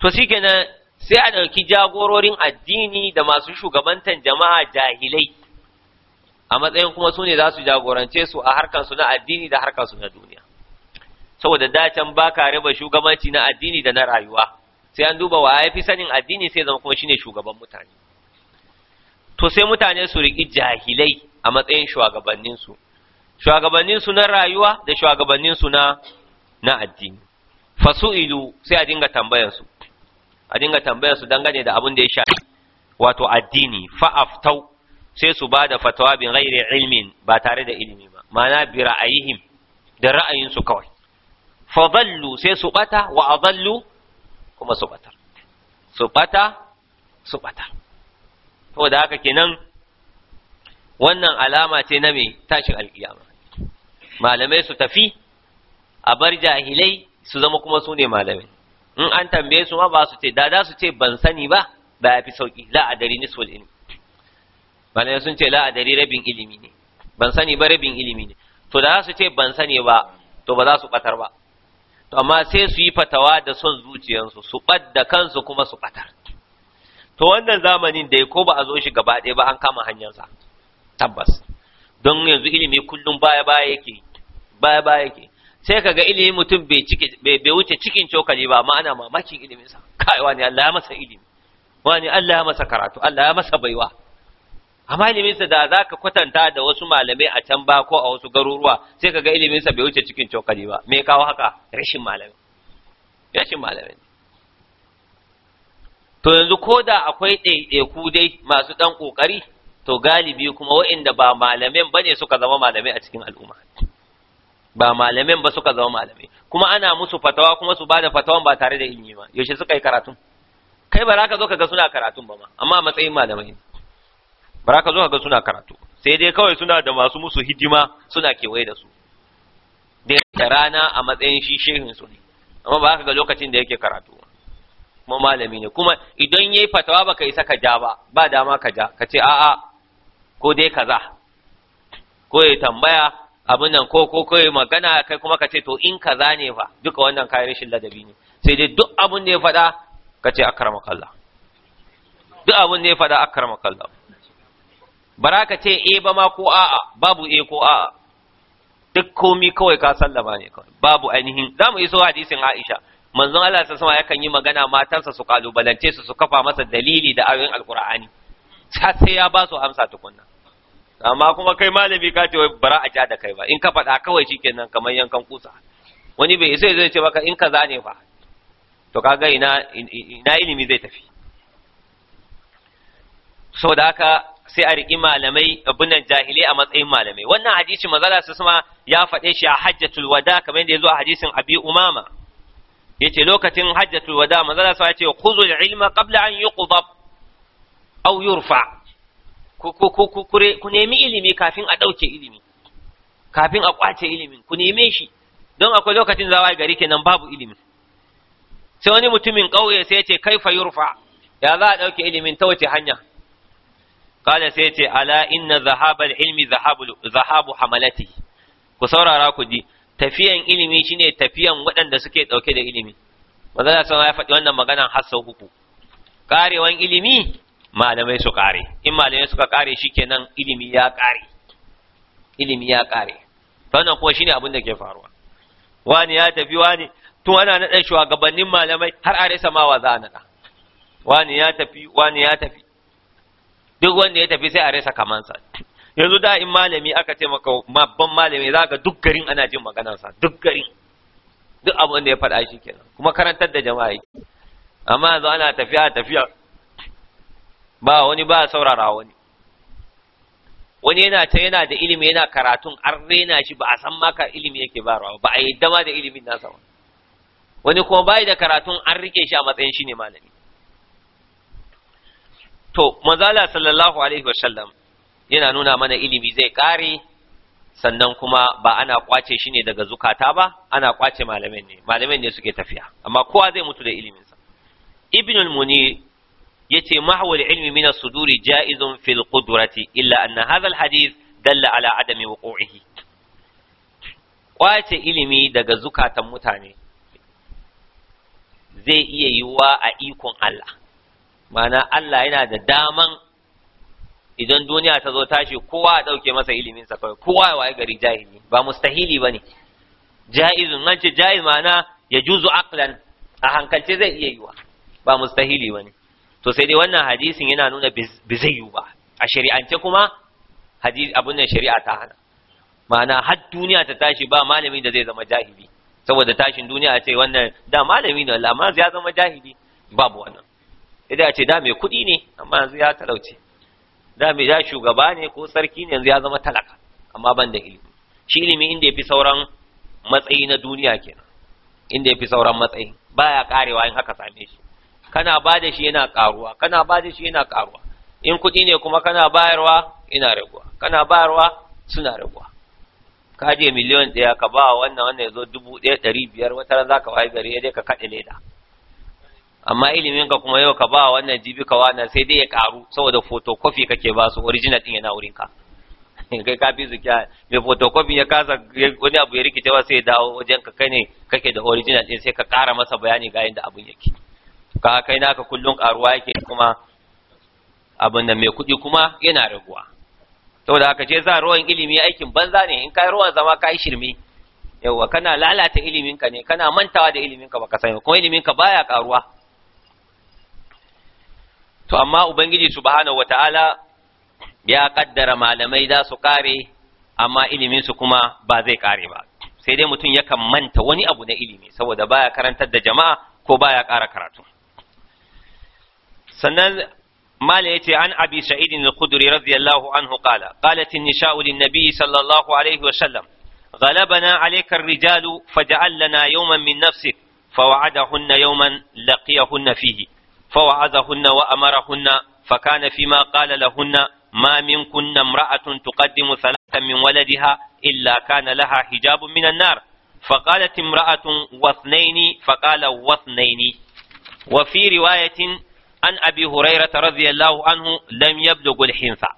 to shi kenan sai a ɗauki jagororin addini da masu shugabantan jama'a jahilai a matsayin kuma su ne za su jagorance su a harkansu na addini da harkansu na duniya saboda dacen ba ka raba shugabanci na addini da na rayuwa sai an duba wa ya fi sanin addini sai zama kuma shine shugaban mutane to sai mutane su riƙi jahilai a matsayin shugabanninsu shugabannin su na rayuwa da shugabannin su na na addini fasu'ilu sai a dinga tambayar su a dinga tambayar su dangane da abin da ya shafi wato addini fa'aftau sai su bada fatawa bin ghairi ilmin ba tare da ilimi ba ma'ana bi ra'ayihim da ra'ayin su kawai fadallu sai su bata wa adallu kuma su bata su bata su bata to da haka kenan wannan alama ce na me tashin alkiyama malamai su tafi a bar jahilai su zama kuma su ne malamai in an tambaye su ma ba su ce da su ce ban sani ba ba ya fi sauki la a dari nisful ilmi malamai sun ce la adari rabin ilimi ne ban sani ba rabin ilimi ne to da su ce ban sani ba to ba za su batar ba to amma sai su yi fatawa da son zuciyansu su ɓadda kansu kuma su batar to wannan zamanin da ko ba a zo shi gaba ɗaya ba an kama hanyarsa tabbas don yanzu ilimi kullum baya baya yake baya baya yake sai kaga ilimin mutum bai wuce cikin cokali ba amma ana mamakin ilimin sa kai wani Allah ya masa ilimi wani Allah ya masa karatu Allah ya masa baiwa amma ilimin sa da zaka kwatanta da wasu malamai a can ba ko a wasu garuruwa sai kaga ilimin sa bai wuce cikin cokali ba me kawo haka rashin malami rashin malami to yanzu ko da akwai ɗaiɗaiku dai masu ɗan ƙoƙari to galibi kuma waɗanda ba malamin ba ne suka zama malamai a cikin al'umma ba malamin ba suka zama malamai kuma ana musu fatawa kuma su bada fatawan ba tare da ilimi ba yaushe suka yi karatun kai ba za ka zo ka ga suna karatun ba ma amma a matsayin malamai ba za ka zo ka ga suna karatu sai dai kawai suna da masu musu hidima suna kewaye da su dai da rana a matsayin shi shehin su ne amma ba ka ga lokacin da yake karatu kuma malami ne kuma idan yayi fatawa baka isa ka ja ba ba dama ka ja ka ce a'a ko dai kaza ko ya tambaya abin nan ko ko kai magana kai kuma ka ce to in kaza ne fa duka wannan kai rashin ladabi ne sai dai duk abin da ya faɗa ka ce kalla. duk abin da ya faɗa kalla. bara ka ce e ba ma ko a'a babu e ko a'a duk komi kawai ka sallama ne kawai babu ainihin za mu iso hadisin Aisha manzon Allah sai sama yakan yi magana matarsa su kalubalance su su kafa masa dalili da ayoyin alkur'ani sai ya ba su amsa tukunna amma kuma kai malami ka ce wai bara a ja da kai ba in ka faɗa kawai shikenan kamar yankan kusa wani bai sai zai ce maka in ka ne ba to kaga ina ina ilimi zai tafi da haka sai a riƙi malamai abunan jahilai a matsayin malamai wannan hadisi mazala su suma ya faɗe shi a hajjatul wada kamar yadda ya zo a hadisin abi umama yace lokacin hajjatul wada mazala su ya ce kuzul ilma qabla an yi aw yurfa ku nemi ilimi kafin a ɗauke ilimi kafin a ƙwace ilimin ku neme shi don akwai lokacin zawa gari kenan babu ilimi sai wani mutumin ƙauye sai ya ce kaifa yurfa ya za a ɗauke ilimin ta wace hanya kala sai ce ala inna zahabal ilmi zahabu hamalati ku saurara ku ji tafiyan ilimi shine tafiyan waɗanda suke ɗauke da ilimi manzala sun ya faɗi wannan maganan har sau uku karewan ilimi malamai su kare in malamai suka kare shikenan ilimi ya kare ilimi ya kare wannan kuwa shine abin da ke faruwa wani ya tafi wani tun ana naɗa shugabannin malamai har a rasa ma wa za a naɗa wani ya tafi wani ya tafi duk wanda ya tafi sai a rasa kamansa yanzu da in malami aka ce maka babban malami za ka duk garin ana jin maganarsa duk garin duk abin da ya faɗa shi kenan kuma karantar da jama'a amma yanzu ana tafiya tafiya ba wani ba saurara wani wani yana ta yana da ilimi yana karatun an rena shi ba a san maka ilimi yake ba ba a yi dama da ilimin nasa ba wani kuma bai da karatun an rike shi a matsayin shi ne malami to manzala sallallahu alaihi sallam yana nuna mana ilimi zai kare sannan kuma ba ana kwace shi ne daga zukata ba ana kwace malamin ne malamin ne suke tafiya amma kowa zai mutu da iliminsa ibnul munir yace mahwal ilmi min as-suduri ja'izun fil qudrati illa anna hadha al dalla ala adami wuqu'ihi kwace ilimi daga zukatan mutane zai iya yiwuwa a ikon Allah ma'ana Allah yana da daman idan duniya ta zo tashi kowa a ɗauke masa iliminsa kawai kowa ya waye gari jahili ba mustahili ba ne ja'izun nan ce ja'iz ma'ana ya juzu aqlan a hankalce zai iya yiwa ba mustahili ba ne to sai dai wannan hadisin yana nuna bizayyu ba a shari'ance kuma hadisi abun nan shari'a ta hana ma'ana har duniya ta tashi ba malami da zai zama jahili saboda tashin duniya a ce wannan da malami ne amma ya zama jahili babu wannan idan a ce da mai kuɗi ne amma yanzu ya talauce da mai da shugaba ne ko sarki ne yanzu ya zama talaka amma ban da ilimi shi ilimi inda ya fi sauran matsayi na duniya kenan inda ya fi sauran matsayi baya karewa in haka same shi kana ba da shi yana karuwa kana ba da shi yana karuwa in kuɗi ne kuma kana bayarwa ina raguwa kana bayarwa suna raguwa ka je miliyon ɗaya ka ba wannan wannan ya zo dubu ɗaya ɗari biyar wata za ka wayi gari dai ka kaɗe leda amma ilimin ka kuma yau ka ba wannan jibi ka wannan sai dai ya karu saboda photocopy kake ba su original ɗin yana wurinka kai ka fi zuciya mai photocopy ya kasa wani abu ya rikicewa sai ya dawo wajen ka kai ne kake da original ɗin sai ka ƙara masa bayani ga yadda abun yake ka kai naka kullum karuwa yake kuma abin da mai kuɗi kuma yana raguwa da aka je za rawan ilimi aikin banza ne in kai rawan zama kai shirme yawwa kana lalata iliminka ne kana mantawa da iliminka baka sani kuma iliminka baya karuwa to amma ubangiji subhanahu wataala ya kaddara malamai za su kare amma ilimin su kuma ba zai kare ba sai dai mutum yakan manta wani abu na ilimi saboda baya karantar da jama'a ko baya ƙara karatu سنن mala عن أبي سعيد الخدري رضي الله عنه قال قالت النساء للنبي صلى الله عليه وسلم غلبنا عليك الرجال فاجعل لنا يوما من نفسك فوعدهن يوما لقيهن فيه فوعظهن وأمرهن فكان فيما قال لهن ما منكن امرأة تقدم ثلاثا من ولدها إلا كان لها حجاب من النار فقالت امرأة واثنين فقال واثنين وفي رواية an abi hurairata radiyallahu anhu lam da gulhinsa.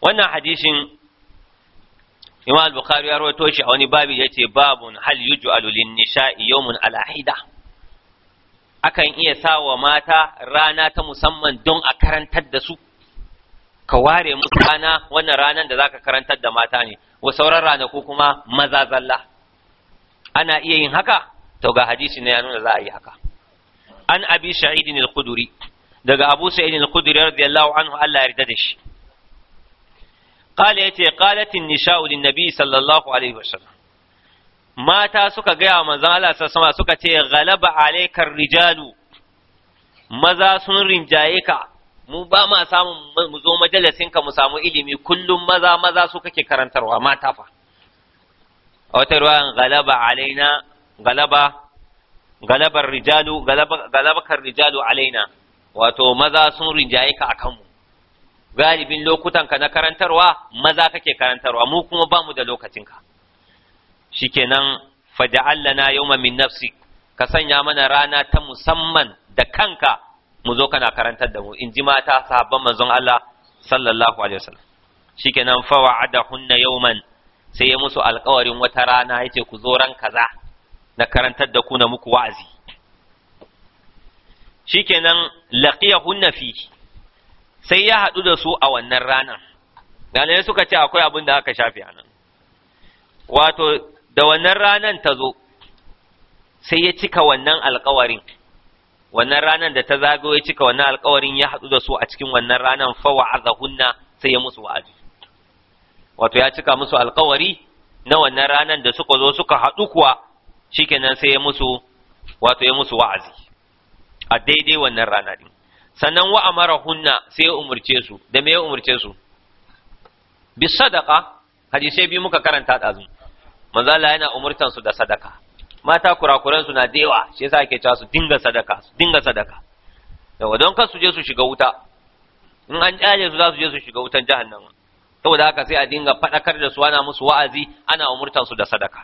wannan hadisin imam al-bukhari ya rawaito shi a wani babi yace babun hal yuj'alu lin nisha'i yawmun ala hida akan iya sawa mata rana ta musamman don a karantar da su ka ware musu rana wannan ranan da zaka karantar da mata ne wa sauran ranaku kuma maza zalla ana iya yin haka to ga hadisi ne ya nuna za a yi haka an abi sa'id al-khudri daga abu sa'id al-khudri radiyallahu anhu Allah ya yarda da shi qala yace qalat an-nisha'u lin-nabi sallallahu alaihi wasallam mata suka gaya wa manzon Allah sallallahu alaihi suka ce ghalaba alaikar rijalu maza sun rinjaye ka mu ba ma samun mu zo majalisin ka mu samu ilimi kullum maza maza su kake karantarwa mata fa a wata ruwan galaba alaina galaba galabar rijalu galabakar rijalu alaina wato maza sun rinjaye ka akan mu galibin ka na karantarwa maza kake karantarwa mu kuma ba mu da lokacinka shikenan faja'al lana yawma min nafsi ka sanya mana rana ta musamman da kanka mu zo kana karantar da mu in ji mata sahabban manzon Allah sallallahu alaihi wasallam shikenan fa wa'adahunna yawman sai ya musu alƙawarin wata rana yace ku zo ran kaza na karantar da ku na muku wa'azi shikenan laqiyahunna fi sai ya haɗu da su a wannan ranar malamai suka ce akwai abin da aka shafe a nan wato da wannan ranar ta zo sai ya cika wannan alkawarin wannan ranar da ta zago ya cika wannan alkawarin ya haɗu da su a cikin wannan ranar fawa azahunna sai ya musu wa'azi wato ya cika musu alkawari na wannan ranar da suka zo suka haɗu kuwa shikenan sai ya musu wato ya musu wa'azi a daidai wannan rana din sannan wa amara hunna sai ya umurce su da me ya umurce su bi sadaka hadisai bi muka karanta dazu manzo Allah yana umurtan su da sadaka mata kurakuran su na dewa shi yasa ake cewa su dinga sadaka su dinga sadaka yawa don kar su je su shiga wuta in an jaje su za su je su shiga wutan jahannama saboda haka sai a dinga fadakar da su ana musu wa'azi ana umurtan su da sadaka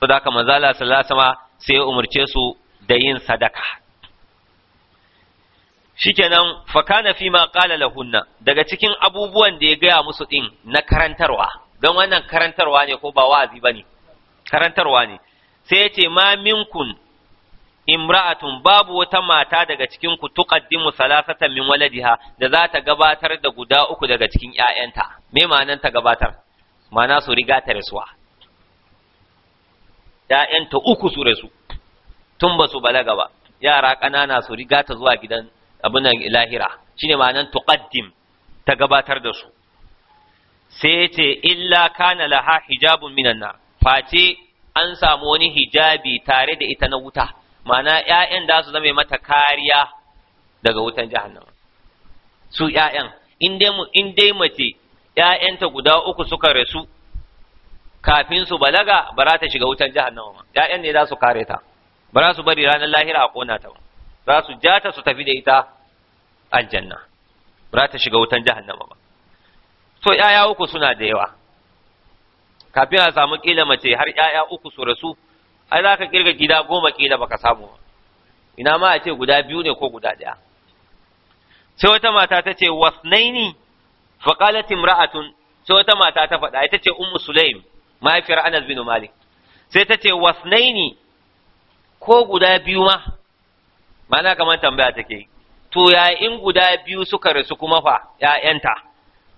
to da haka manzala sallallahu alaihi wasallam sai ya umurce su da yin sadaka shikenan fa kana fi ma qala lahunna daga cikin abubuwan da ya gaya musu din na karantarwa don wannan karantarwa ne ko ba wa'azi bane karantarwa ne sai ya ce ma minkun imra'atun babu wata mata daga cikin ku tuqaddimu salasatan min waladiha da za ta gabatar da guda uku daga cikin ƴaƴanta me ma'anan ta gabatar ma'ana su riga ta rasuwa ‘ya'yanta uku su rasu tun ba su balaga ba yara ƙanana su riga ta zuwa gidan abin lahira shi ne ma'anan tuqaddim ta gabatar da su sai ce illa kana laha hijabun minan na face an samu wani hijabi tare da ita na wuta ma'ana ‘ya'yan da su zama mata kariya daga wutan jahannama su ‘ya'yan in dai mace ‘ya'yanta guda uku suka rasu kafin su balaga ba za ta shiga wutan jahannama ba ƴaƴan ne za su kare ta ba za su bari ranar lahira a kona ta ba za su ja ta su tafi da ita aljanna ba za ta shiga wutan jahannama ba to ƴaƴa uku suna da yawa kafin a samu kila mace har ƴaƴa uku su rasu ai za ka kirga gida goma kila baka samu ba ina ma a ce guda biyu ne ko guda ɗaya sai wata mata ta ce wasnaini faqalat imra'atun sai wata mata ta faɗa ita ce ummu sulaim mahaifiyar Anas bin Malik sai ta ce wasnaini ko guda biyu ma mana kamar tambaya take to ya in guda biyu suka rasu kuma fa ƴaƴanta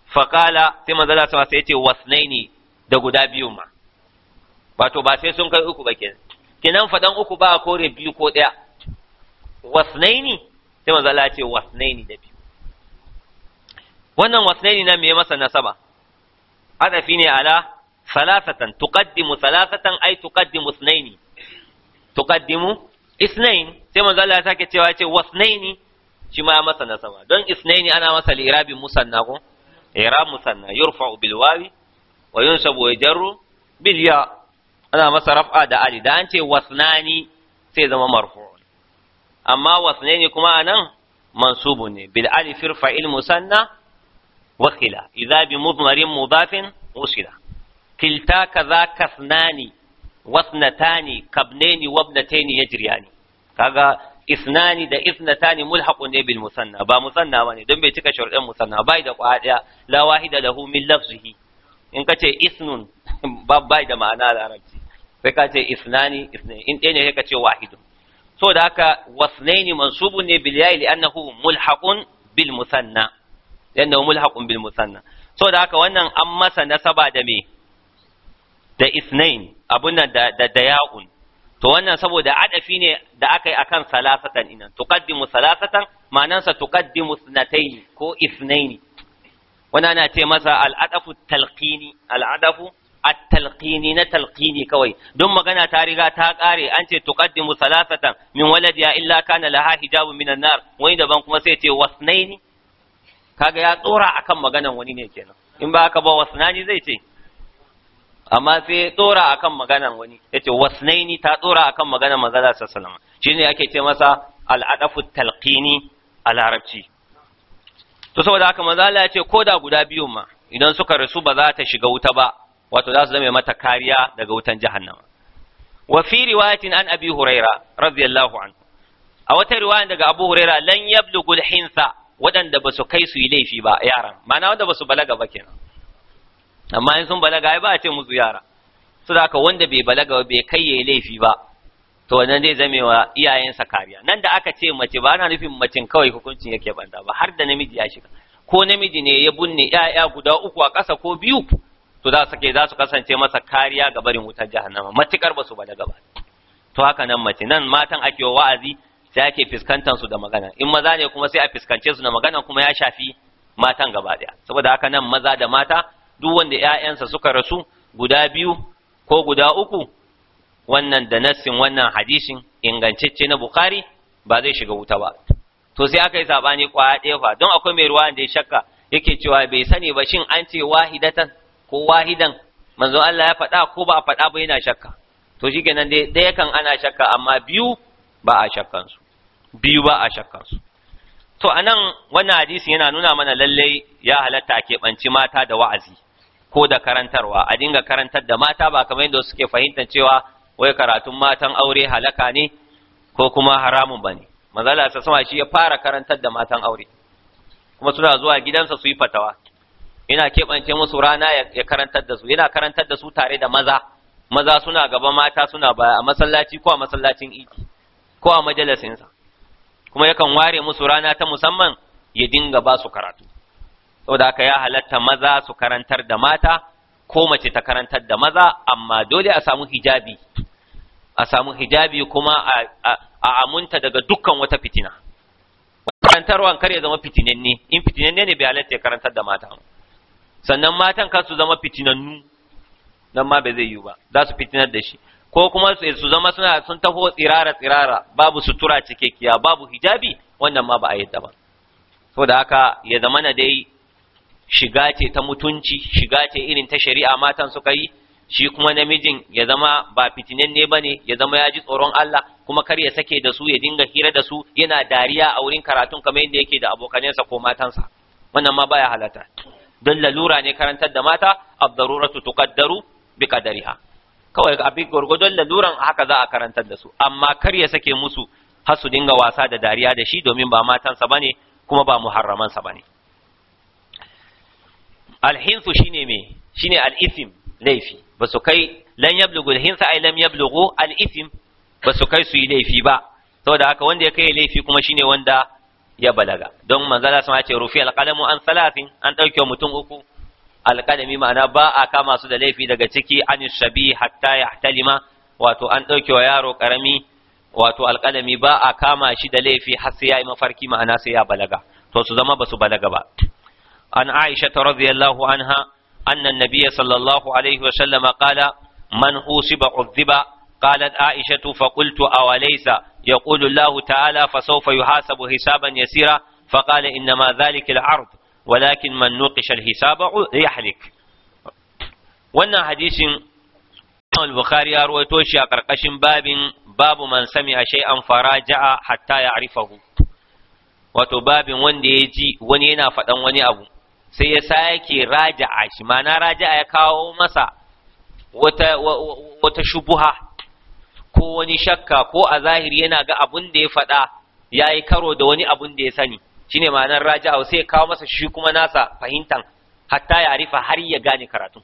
faqala sai manzo Allah sai ya ce wasnaini da guda biyu ma wato ba sai sun kai uku ba ke kinan fadan uku ba kore biyu ko ɗaya wasnaini sai manzo Allah ya ce wasnaini da biyu wannan wasnaini na me masa nasaba Hadafi ne ala salasatan tuqaddimu salasatan ai tuqaddimu isnaini tuqaddimu isnain sai manzo Allah ya cewa ce wasnaini shi ma masa nasaba don isnaini ana masa li'irabin musanna ko i'rab musanna yurfa'u bil wawi wa yunsabu wa ana masa raf'a da ali da an ce wasnani sai zama marfu' amma wasnaini kuma anan mansubun ne bil alif irfa'il musanna wa khila idza usila kilta kaza sinani, wasnatani kabneni wabnateni, wabnatani yajriyani kaga isnani da isnatani mulhaqun ne bil musanna ba musanna bane don bai cika sharuɗin musanna bai da kwadiya la wahida lahu min lafzihi in kace isnun bai da ma'ana a larabci sai ka ce isnani isnani in ɗaya ne sai ka ce wahidun so da haka wasnaini mansubun ne bil yayi li'annahu mulhaqun bil musanna li'annahu mulhaqun bil musanna so da haka wannan an masa nasaba da me da isnain abun nan da da to wannan saboda adafi ne da aka yi akan salasatan inan tuqaddimu salasatan ma'anansa tuqaddimu sunatayn ko isnaini wannan ana ce masa al'adafu talqini al'adafu at-talqini na talqini kawai don magana ta riga ta kare an ce tuqaddimu salasatan min waladiya illa kana laha hijabun minan nar wani daban kuma sai ce wasnaini kaga ya tsora akan maganan wani ne kenan in ba ka ba wasnani zai ce amma sai ya tsora kan maganan wani ce wasnaini ta tsora akan maganan manzala sallallahu shi ne shine ake ce masa al'adafu talqini a larabci to saboda haka manzala ya ce ko da guda biyun ma idan suka rasu ba za ta shiga wuta ba wato za su zama mata kariya daga wutan jahannama wa fi riwayatin an abi huraira radiyallahu an a wata riwaya daga abu huraira lan yablugul hinsa waɗanda ba su kai su yi laifi ba yaran ma'ana wanda ba su balaga ba kenan amma in sun balaga ai ba a ce musu yara su da wanda bai balaga bai kai yayi laifi ba to wannan zai zame wa iyayensa kariya nan da aka ce mace ba na nufin macin kawai hukuncin yake banda ba har da namiji ya shiga ko namiji ne ya bunne ‘ya'ya guda uku a ƙasa ko biyu to za su za su kasance masa kariya ga barin wutar jahannama matukar ba su balaga ba to haka nan mace nan matan ake wa'azi sai ake fuskantar su da magana in maza ne kuma sai a fuskance su da magana kuma ya shafi matan gaba daya saboda haka nan maza da mata duk wanda ‘ya'yansa suka rasu guda biyu ko guda uku wannan da nassin wannan hadishin ingantacce na Bukhari ba zai shiga wuta ba. To sai aka yi sabani kwaya ɗaya fa don akwai mai ruwa da ya shakka yake cewa bai sani ba shin an ce wahidatan ko wahidan manzo Allah ya faɗa ko ba a faɗa ba yana shakka. To shi kenan dai ɗaya kan ana shakka amma biyu ba a shakkansu. Biyu ba a shakkansu. To anan wannan hadisi yana nuna mana lallai ya halatta a keɓanci mata da wa'azi. ko da karantarwa a dinga karantar da mata ba kamar yadda suke fahimtar cewa wai karatun matan aure halaka ne ko kuma haramun ba ne mazala sa sama shi ya fara karantar da matan aure kuma suna zuwa gidansa su yi fatawa yana keɓance musu rana ya karantar da su yana karantar da su tare da maza maza suna gaba mata suna baya a masallaci ko a masallacin idi ko a majalisinsa kuma yakan ware musu rana ta musamman ya dinga ba su karatu saboda haka ya halatta maza su karantar da mata ko mace ta karantar da maza amma dole a samu hijabi a samu hijabi kuma a amunta daga dukkan wata fitina karantarwan kar ya zama fitinanne in fitinanne ne bai halatta ya karantar da mata sannan matan kan su zama fitinannu nan ma bai zai yiwu ba za su fitinar da shi ko kuma su zama suna sun taho tsirara tsirara babu sutura cikekkiya babu hijabi wannan ma ba a yadda ba saboda haka ya zama na dai shiga ce ta mutunci shiga ce irin ta shari'a matan suka yi shi kuma namijin ya zama ba fitinanne bane ya zama ya ji tsoron Allah kuma kar ya sake da su ya dinga hira da su yana dariya a wurin karatun kamar yadda yake da abokanansa ko matansa wannan ma baya halata don lalura ne karantar da mata abdaruratu tuqaddaru bi qadariha kawai abin gurgudun laluran haka za a karantar da su amma kar ya sake musu har su dinga wasa da dariya da shi domin ba matansa bane kuma ba muharramansa bane alhinsu shine me shine al laifi ba su kai lan yablugu alhinsa ai lam yablugu al ba su kai su yi laifi ba saboda haka wanda ya kai laifi kuma shine wanda ya balaga don manzala sun ce rufi alqalamu an salatin an dauke mutum uku alqalami ma'ana ba a kama su da laifi daga ciki an shabi hatta yahtalima wato an dauke wa yaro karami wato alqalami ba a kama shi da laifi har sai ya yi mafarki ma'ana sai ya balaga to su zama ba su balaga ba عن عائشة رضي الله عنها أن النبي صلى الله عليه وسلم قال من أوصب عذب قالت عائشة فقلت أوليس يقول الله تعالى فسوف يحاسب حسابا يسيرا فقال إنما ذلك العرض ولكن من نوقش الحساب يحلك wannan hadisin al-bukhari ya ruwaito shi a karkashin babin babu man sami a shay'an faraja'a hatta ya arifahu wato babin wanda ya ji wani yana faɗan wani abu sai ya sake raja'a shi ma'ana raja'a ya kawo masa wata shubuha ko wani shakka ko a zahiri yana ga abun da ya faɗa ya yi karo da wani abun da ya sani shine ma'anar raja'a sai ya kawo masa shi kuma nasa fahimtan hatta ya arifa har ya gane karatu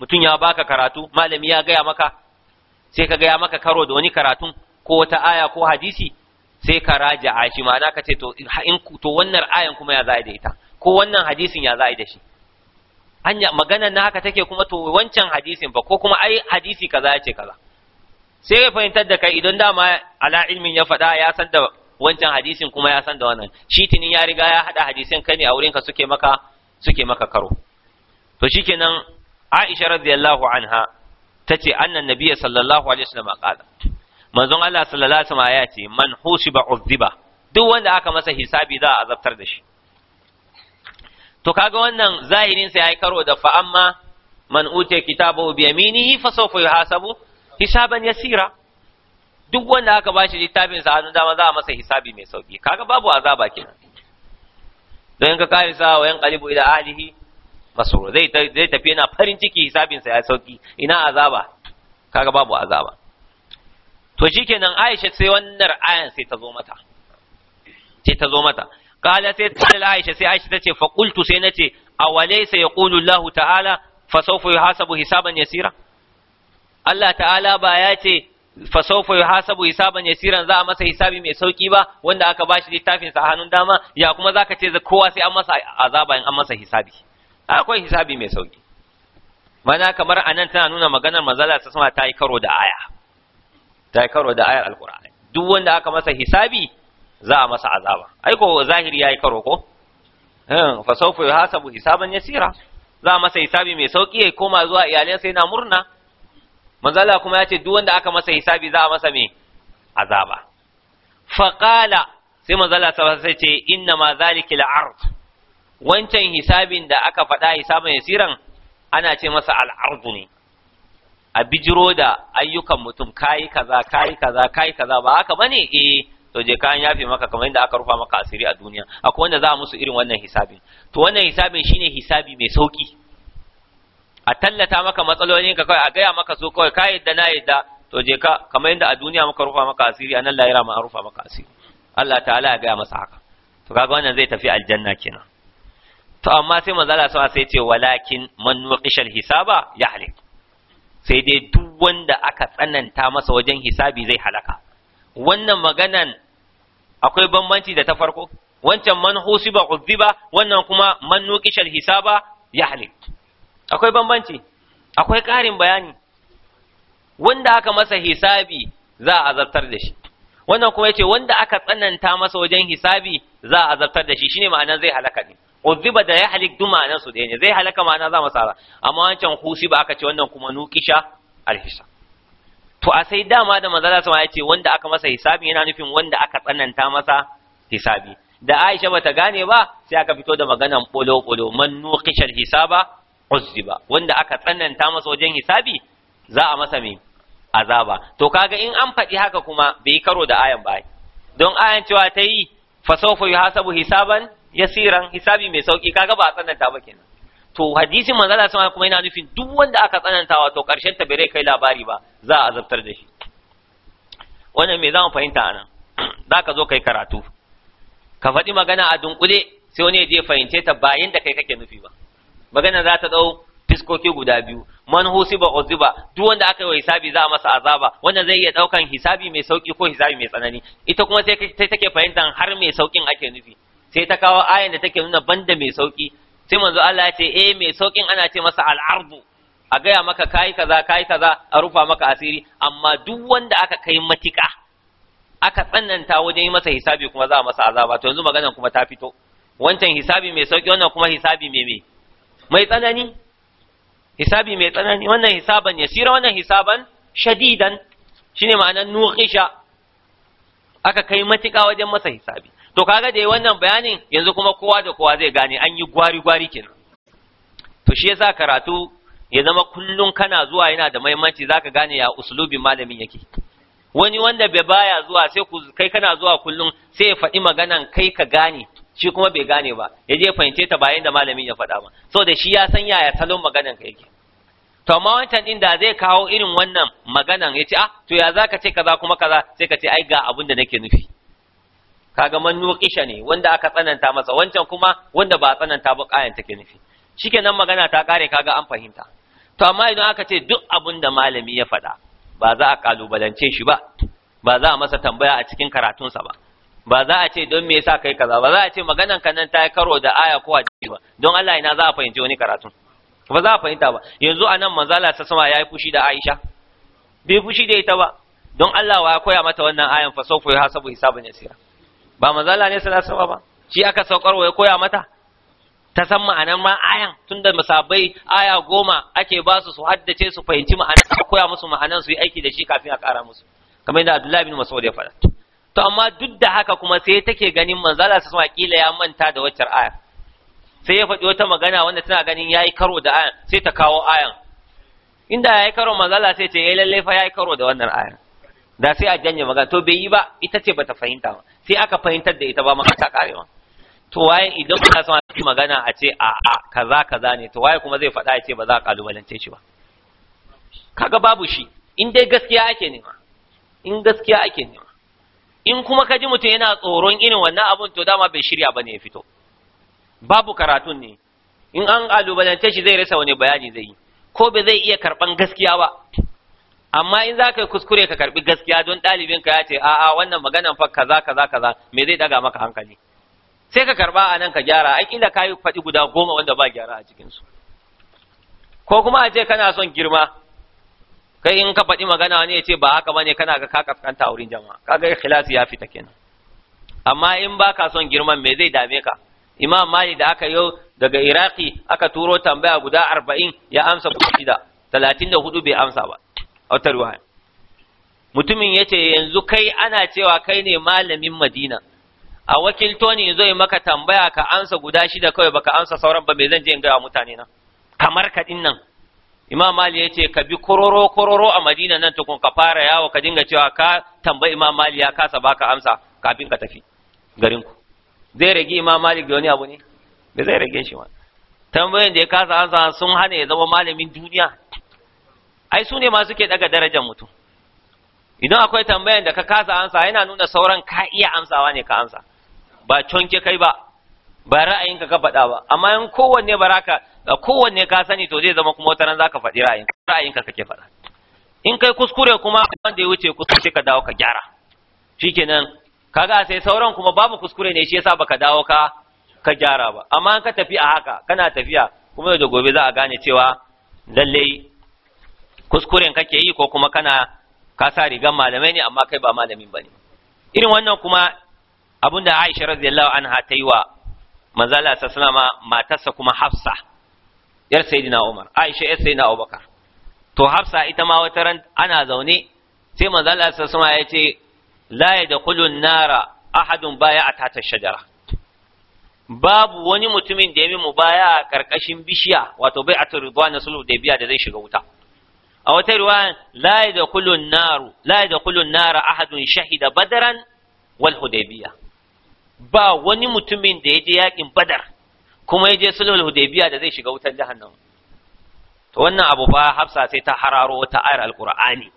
mutum ya baka karatu malami ya gaya maka sai ka gaya maka karo da wani karatu ko wata aya ko hadisi sai ka raja'a shi ma'ana ka ce to wannan ayan kuma ya za da ita ko wannan hadisin ya za a yi da shi anya maganar na haka take kuma to wancan hadisin ba ko kuma ai hadisi kaza ya ce kaza sai ya fahimtar da kai idan dama ala ilmin ya faɗa ya san da wancan hadisin kuma ya san da wannan shi tinin ya riga ya haɗa hadisin kai ne a wurinka suke maka suke maka karo to shikenan Aisha radiyallahu anha tace annan nabiyyi sallallahu alaihi wasallam qala manzon Allah sallallahu alaihi wasallam ya ce man husiba uzziba duk wanda aka masa hisabi za a azabtar da shi to kaga wannan zahirin sa yayi karo da fa amma man utiya kitabahu bi yaminihi fa sawfa yuhasabu hisaban yasira duk wanda aka bashi littafin sa hannun dama za a masa hisabi mai sauki kaga babu azaba kenan don ka kare sa wa yan qalibu ila ahlihi masuru zai zai tafi yana farin ciki hisabin sa ya sauki ina azaba kaga babu azaba to shikenan Aisha sai wannan ayan sai ta zo mata sai ta zo mata qala sai ta aisha sai aisha ta ce qultu sai nace awalaysa yaqulu allah ta'ala fa sawfa yuhasabu hisaban yasira Allah ta'ala ba ya ce fa sawfa yuhasabu hisaban yasiran za a masa hisabi mai sauki ba wanda aka bashi littafin sa a hannun dama ya kuma zaka ce kowa sai an masa azaba in an masa hisabi akwai hisabi mai sauki mana kamar anan tana nuna maganar manzala ta sama karo da aya karo da duk wanda aka masa hisabi za a masa azaba aiko zahiri zahiri yayi karo ko eh, fa sawfa yuhasabu hisaban yasira za a masa hisabi mai sauki ya koma zuwa sa yana murna manzala kuma ya ce duk wanda aka masa hisabi za a masa me azaba faqala sai manzala ta sai ce inna ma zalikal ard wancan hisabin da aka faɗa hisaban yasiran ana ce masa al'ardu ne a bijiro da ayyukan mutum kayi kaza kayi kaza kai kaza ba haka bane eh to je kayan yafe maka kamar yadda aka rufa maka asiri a duniya akwai wanda za a musu irin wannan hisabin to wannan hisabin shine hisabi mai sauki a tallata maka matsalolin ka kawai a gaya maka so kawai ka yadda na yadda to je ka kamar yadda a duniya muka rufa maka asiri anan nan ma an rufa maka asiri Allah ta'ala ya gaya masa haka to kaga wannan zai tafi aljanna kenan to amma sai manzo Allah sai ce walakin man nuqishal hisaba yahlik sai dai duk wanda aka tsananta masa wajen hisabi zai halaka wannan maganan akwai bambanci da ta farko wancan man husiba udhiba wannan kuma man nuqishal hisaba yahlik akwai bambanci akwai ƙarin bayani wanda aka masa hisabi za a azabtar da shi wannan kuma yace wanda aka tsananta masa wajen hisabi za a azabtar da shi shine ma'anan zai halaka ne udhiba da yahlik duma ma'anan su ɗaya ne zai halaka ma'ana za masa amma wancan husiba aka ce wannan kuma nuqisha alhisab to a sai dama da manzala sama ya ce wanda aka masa hisabi yana nufin wanda aka tsananta masa hisabi da Aisha bata gane ba sai aka fito da maganan bolo bolo man nuqishal hisaba uzziba wanda aka tsananta masa wajen hisabi za a masa me azaba to kaga in an faɗi haka kuma bai karo da ayan ba don ayan cewa ta yi fa sawfa yuhasabu hisaban yasiran hisabi mai sauki kaga ba a tsananta ba kenan to hadisin manzo Allah sama kuma yana nufin duk wanda aka tsananta wato karshen ta bare kai labari ba za a azabtar da shi wannan me zamu fahimta anan zaka zo kai karatu ka faɗi magana a dunkule sai wani ya je fahimce ta bayin da kai kake nufi ba magana za ta dau fiskoki guda biyu man husiba uziba duk wanda aka yi wa hisabi za a masa azaba wanda zai iya daukan hisabi mai sauki ko hisabi mai tsanani ita kuma sai take fahimta har mai saukin ake nufi sai ta kawo ayan da take nuna banda mai sauki sai manzo Allah ya ce eh mai saukin ana ce masa al'ardu a gaya maka kai kaza kai kaza a rufa maka asiri amma duk wanda aka kai matika aka tsananta wajen yi masa hisabi kuma za a masa azaba to yanzu maganan kuma ta fito wancan hisabi mai sauki wannan kuma hisabi mai mai mai tsanani hisabi mai tsanani wannan hisaban ya sira wannan hisaban shadidan shine ma'anar nuqisha aka kai matika wajen masa hisabi to kaga da wannan bayanin yanzu kuma kowa da kowa zai gane an yi gwari gwari kenan to shi yasa karatu ya zama kullun kana zuwa yana da muhimmanci zaka gane ya uslubin malamin yake wani wanda bai baya zuwa sai ku kai kana zuwa kullun sai ya faɗi maganan kai ka gane shi kuma bai gane ba ya je fahimce ta bayan da malamin ya faɗa ba da shi ya san yaya salon maganan ka yake to amma wancan din da zai kawo irin wannan maganan ya ce ah to ya zaka ce kaza kuma kaza sai ka ce ai ga abin da nake nufi kaga man kisha ne wanda aka tsananta masa wancan kuma wanda ba tsananta ba kayan take nufi shikenan magana ta kare kaga an fahimta to amma idan aka ce duk abin da malami ya faɗa ba za a kalubalance shi ba ba za a masa tambaya a cikin karatunsa ba ba za a ce don me yasa kai kaza ba za a ce maganan ka nan ta yi karo da aya ko hadisi ba don Allah ina za a fahimci wani karatun ba za a fahimta ba yanzu anan manzala ta sama yayi fushi da Aisha bai fushi da ita ba don Allah wa ya koya mata wannan ayan fa sawfa hasabu hisabun yasira ba manzala ne sallallahu alaihi ba shi aka saukar wa ya koya mata ta san ma'anar ma ayan tunda musabai aya goma ake ba su su haddace su fahimci ma'anar su koya musu ma'anar su yi aiki da shi kafin a kara musu kamar yadda Abdullahi bin Mas'ud ya faɗa to amma duk da haka kuma sai take ganin manzala su sama kila ya manta da waccar aya sai ya faɗi wata magana wanda tana ganin yayi karo da ayan sai ta kawo ayan inda yayi karo manzala sai ce eh lalle fa yayi karo da wannan ayan da sai a janye magana to bai yi ba ita ce bata fahimta ba sai aka fahimtar da ita ba maka ta karewa to waye idan kuna son a magana a ce a a kaza kaza ne to waye kuma zai faɗa ya ce ba za a kalubalance shi ba kaga babu shi in dai gaskiya ake nema in gaskiya ake nema in kuma ka ji mutum yana tsoron irin wannan abun to dama bai shirya ba ne ya fito babu karatun ne in an kalubalance shi zai rasa wani bayani zai yi ko bai zai iya karban gaskiya ba amma in za ka yi kuskure ka karbi gaskiya don ɗalibin ka ya ce a wannan maganan fa kaza kaza kaza me zai daga maka hankali sai ka karba a nan ka gyara a ƙila ka yi faɗi guda goma wanda ba gyara a cikin ko kuma a ce kana son girma kai in ka faɗi magana wani ya ce ba haka bane kana ga ka kaskanta wurin jama'a kaga ikhlasi ya fita kenan amma in ba ka son girma me zai dame ka imam mali da aka yi daga iraki aka turo tambaya guda arba'in ya amsa guda shida talatin da hudu bai amsa ba a wata mutumin ya ce yanzu kai ana cewa kai ne malamin madina a wakilto ne zai maka tambaya ka ansa guda shida kawai baka ansa sauran ba me zan je in gaya mutane na kamar ka din nan imam mali ya ce ka bi kororo kororo a madina nan tukun ka fara yawo ka dinga cewa ka tambayi imam mali ya kasa baka amsa kafin ka tafi garin ku zai rage imam malik da wani abu ne ba zai rage shi ba tambayoyin da ya kasa ansa sun hana ya zama malamin duniya ai su ne ma suke daga darajar mutum idan akwai tambayan da ka kasa amsa yana nuna sauran ka iya amsawa ne ka amsa ba conke kai ba ba ra'ayinka ka faɗa ba amma in kowanne baraka kowanne ka sani to zai zama kuma wata ran zaka faɗi ra'ayin ra'ayinka kake faɗa in kai kuskure kuma wanda ya wuce kuskure ka dawo ka gyara shikenan kaga sai sauran kuma babu kuskure ne shi yasa baka dawo ka ka gyara ba amma in ka tafi a haka kana tafiya kuma da gobe za a gane cewa lallai kuskuren kake yi ko kuma kana ka sa rigar malamai ne amma kai ba malamin bane irin wannan kuma abinda Aisha radiyallahu anha ta yi wa manzo Allah sallama matarsa kuma Hafsa yar sayyidina Umar Aisha yar sayyidina Abubakar to Hafsa ita ma wata ran ana zaune sai manzo Allah sallama ya ce la yadkhulun nara ahadun baya a tata shajara babu wani mutumin da ya yi mubaya a karkashin bishiya wato bai a turba na sulhu da biya da zai shiga wuta a wata riwaya la yadkhulu an-naru la yadkhulu an-nara ahadun shahida badaran wal hudaybiyah ba wani mutumin da yaje yakin badar kuma yaje sulhul hudaybiyah da zai shiga wutar jahannam to wannan abu ba hafsa sai ta hararo wata ayar alqur'ani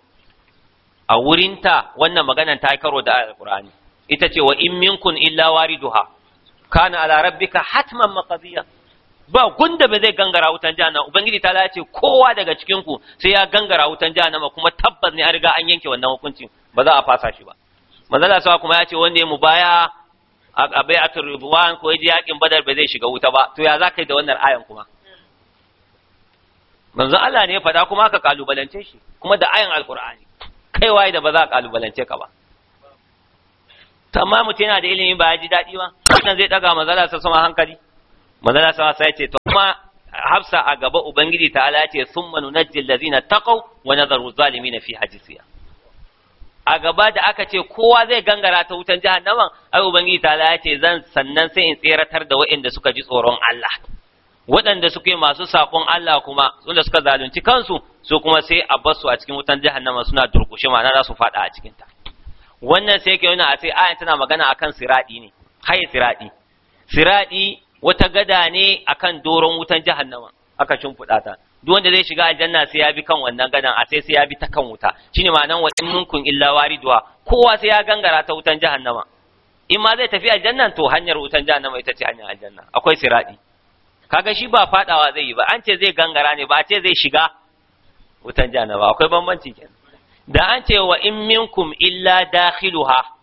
a wurinta wannan maganan ta karo da ayar alqur'ani ita ce wa in minkum illa wariduha kana ala rabbika hatman maqdiya ba gunda ba zai gangara wutan jahannama ubangiji ta ce kowa daga cikin ku sai ya gangara wutan jahannama kuma tabbas ne an riga an yanke wannan hukuncin ba za a fasa shi ba manzala sa kuma ya ce wanda ya mu baya a bai'atul ridwan ko yaji yakin badar ba zai shiga wuta ba to ya za ka yi da wannan ayan kuma manzo Allah ne ya faɗa kuma ka kalubalance shi kuma da ayan alqur'ani kai waye da ba za ka kalubalance ka ba tamma mutum da ilimi ba ya ji daɗi ba wannan zai ɗaga manzala sa sama hankali manzala sa sai ce to kuma hafsa a gaba ubangiji ta ala ce summa nunajjil ladzina taqaw wa nadharu zalimin fi hajisiya a gaba da aka ce kowa zai gangara ta wutan jahannaman ai ubangiji ta ala ce zan sannan sai in tseratar da waɗanda suka ji tsoron Allah waɗanda suke masu sakon Allah kuma wanda suka zalunci kansu su kuma sai a basu a cikin wutan jahannama suna durkushe ma'ana za su faɗa a cikinta wannan sai yake nuna a sai ayan tana magana akan siradi ne haye siradi siradi wata gada ne akan doron wutan jahannama aka shimfiɗa ta duk wanda zai shiga aljanna sai ya bi kan wannan gadan a sai sai ya bi ta kan wuta shine ma'anan wa in minkum illa waridwa kowa sai ya gangara ta wutan jahannama in ma zai tafi aljanna to hanyar wutan jahannama ita ce hanyar aljanna akwai siradi kaga shi ba fadawa zai yi ba an ce zai gangara ne ba a ce zai shiga wutan jahannama akwai bambanci kenan da an ce wa in minkum illa dakhiluha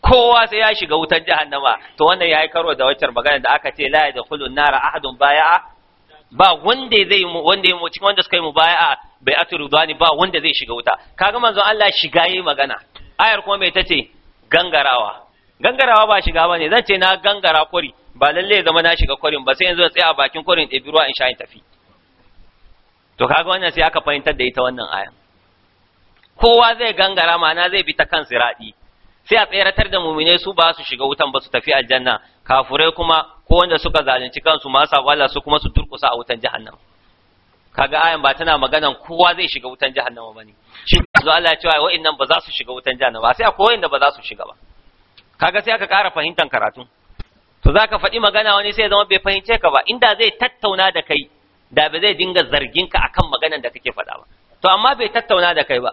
kowa sai ya shiga wutar jahannama to wannan yayi karo da waccar magana da aka ce la an nara ahadun baya'a ba wanda zai wanda mu cikin wanda suka yi bay'a bai atru dani ba wanda zai shiga wuta kaga manzon Allah shiga yi magana ayar kuma mai tace gangarawa gangarawa ba shiga bane zan ce na gangara Kori ba lalle ya zama na shiga kwarin ba sai yanzu na tsaya a bakin kwarin ɗebi ruwa in sha in tafi to kaga wannan sai aka fahimtar da ita wannan aya kowa zai gangara ma'ana zai bi ta kan siradi. sai a tseratar da muminai su ba su shiga wutan ba su tafi aljanna kafurai kuma ko wanda suka zalunci kansu masu wala su kuma su turkusa a wutan jahannam kaga ayan ba tana maganan kowa zai shiga wutan ba ne shi zo Allah ya ce wa'annan ba za su shiga wutan ba? sai koyin da ba za su shiga ba kaga sai aka ƙara fahimtar karatu to zaka faɗi magana wani sai zama bai fahimce ka ba inda zai tattauna da kai da ba zai dinga zargin ka akan maganan da kake faɗa ba to amma bai tattauna da kai ba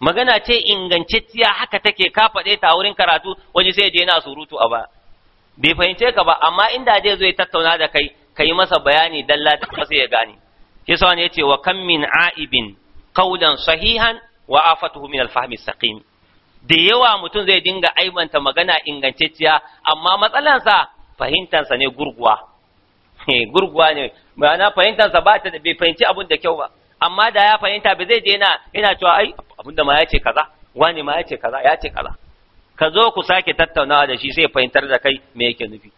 magana ce ingantacciya haka take ka faɗe ta wurin karatu wani sai je na surutu a ba bai fahimce ka ba amma inda zai zo tattauna da kai ka yi masa bayani dalla da masa ya gane shi sa ne ce wa kam min aibin qawlan sahihan wa afatuhu min al-fahmi saqim da yawa mutum zai dinga aibanta magana ingantacciya amma matsalansa fahimtansa ne gurguwa gurguwa ne ma'ana fahimtansa ba ta bai fahimci abun da kyau ba amma da ya fahimta ba zai je na yana cewa ai abinda ma ya ce kaza wani ma ya ce kaza ya ce kaza ka zo ku sake tattaunawa da shi sai fahimtar da kai me yake nufi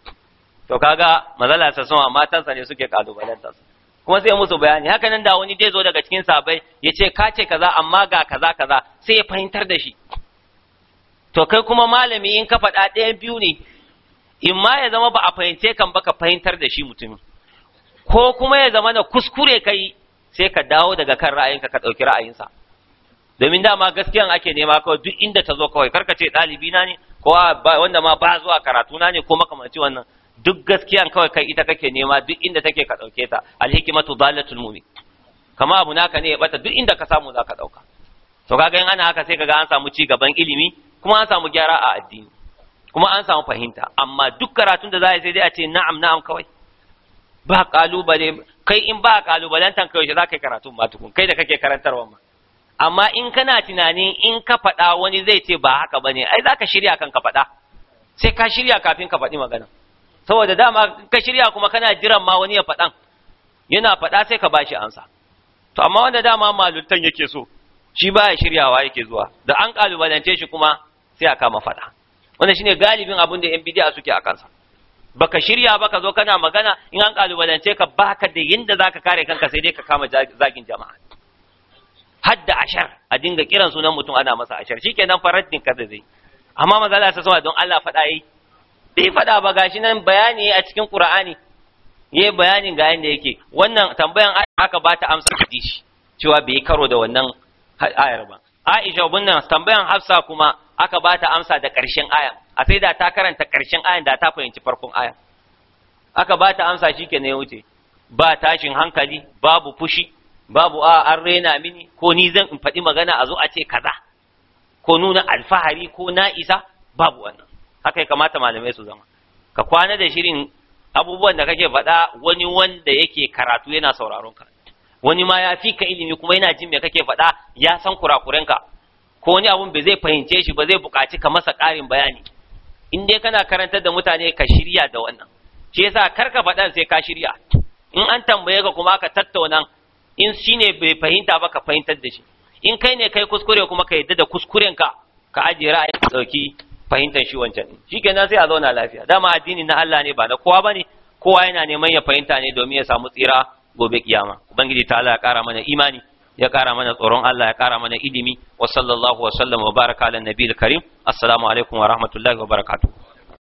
to kaga mazala sa sun matansa ne suke kalubalantar kuma sai musu bayani haka nan da wani zai zo daga cikin sabai ya ce ka ce kaza amma ga kaza kaza sai ya fahimtar da shi to kai kuma malami in ka faɗa ɗayan biyu ne in ma ya zama ba a fahimce kan ba ka fahimtar da shi mutumin ko kuma ya zama na kuskure kai sai ka dawo daga kan ra'ayinka ka ɗauki ra'ayinsa domin dama gaskiyan ake nema kawai duk inda ta zo kawai karka ce ɗalibi na ne ko wanda ma ba zuwa karatu na ne ko makamanci wannan duk gaskiyan kawai kai ita kake nema duk inda take ka ɗauke ta alhikimatu dalatul mumin kama abu naka ne ya bata duk inda ka samu ka ɗauka to kaga in ana haka sai kaga an samu ci gaban ilimi kuma an samu gyara a addini kuma an samu fahimta amma duk karatun da za a sai dai a ce na'am na'am kawai ba kalubale kai in ba kalubalantan kai za ka yi karatun ma tukun kai da kake karantarwa ma amma in kana tunani in ka faɗa wani zai ce ba haka ba ne, ai za ka shirya kan ka faɗa sai ka shirya kafin ka faɗi magana saboda dama ka shirya kuma kana jiran ma wani ya faɗan yana faɗa sai ka bashi ansa to amma wanda dama malultan yake so shi baya shiryawa yake zuwa da an kalubalance shi kuma sai a kama faɗa wannan shine galibin abin da yan bidiya suke a kansa baka shirya ba ka zo kana magana in an kalubalance ka baka da yinda ka kare kanka sai dai ka kama zagin jama'a da ashar a dinga kiran sunan mutum ana masa ashar shikenan faraddin ka zai amma manzo Allah sama don Allah faɗa yi bai faɗa ba gashi nan bayani a cikin Qur'ani yi bayanin ga yanda yake wannan tambayan aka ta amsa shi cewa bai karo da wannan ayar ba Aisha bunnan tambayan Hafsa kuma aka ba ta amsa da ƙarshen ayar a sai da ta karanta ƙarshen ayan da ta fahimci farkon ayan aka ba ta amsa shi ke ne wuce ba tashin hankali babu fushi babu a an rena mini ko ni zan in faɗi magana a zo a ce kaza ko nuna alfahari ko na isa babu wannan haka ya kamata malamai su zama ka kwana da shirin abubuwan da kake faɗa wani wanda yake karatu yana sauraron ka wani ma ya fi ka ilimi kuma yana jin me kake faɗa ya san ka ko wani abun bai zai fahimce shi ba zai buƙaci ka masa ƙarin bayani in dai kana karantar da mutane ka shirya da wannan shi yasa kar ka faɗan sai ka shirya in an tambaye ka kuma ka tattauna in shine bai fahimta ba ka fahimtar da shi in kai ne kai kuskure kuma ka yadda da kuskuren ka ka ajiye ra'ayi ka dauki fahimtar shi wancan shikenan sai a zauna lafiya dama addini na Allah ne ba na kowa bane kowa yana neman ya fahimta ne domin ya samu tsira gobe kiyama ubangiji ta Allah ya kara mana imani ya ƙara mana tsoron Allah ya ƙara mana ilimi wa sallallahu wa sallam wa baraka ala nabiyil karim assalamu alaikum wa rahmatullahi wa barakatuh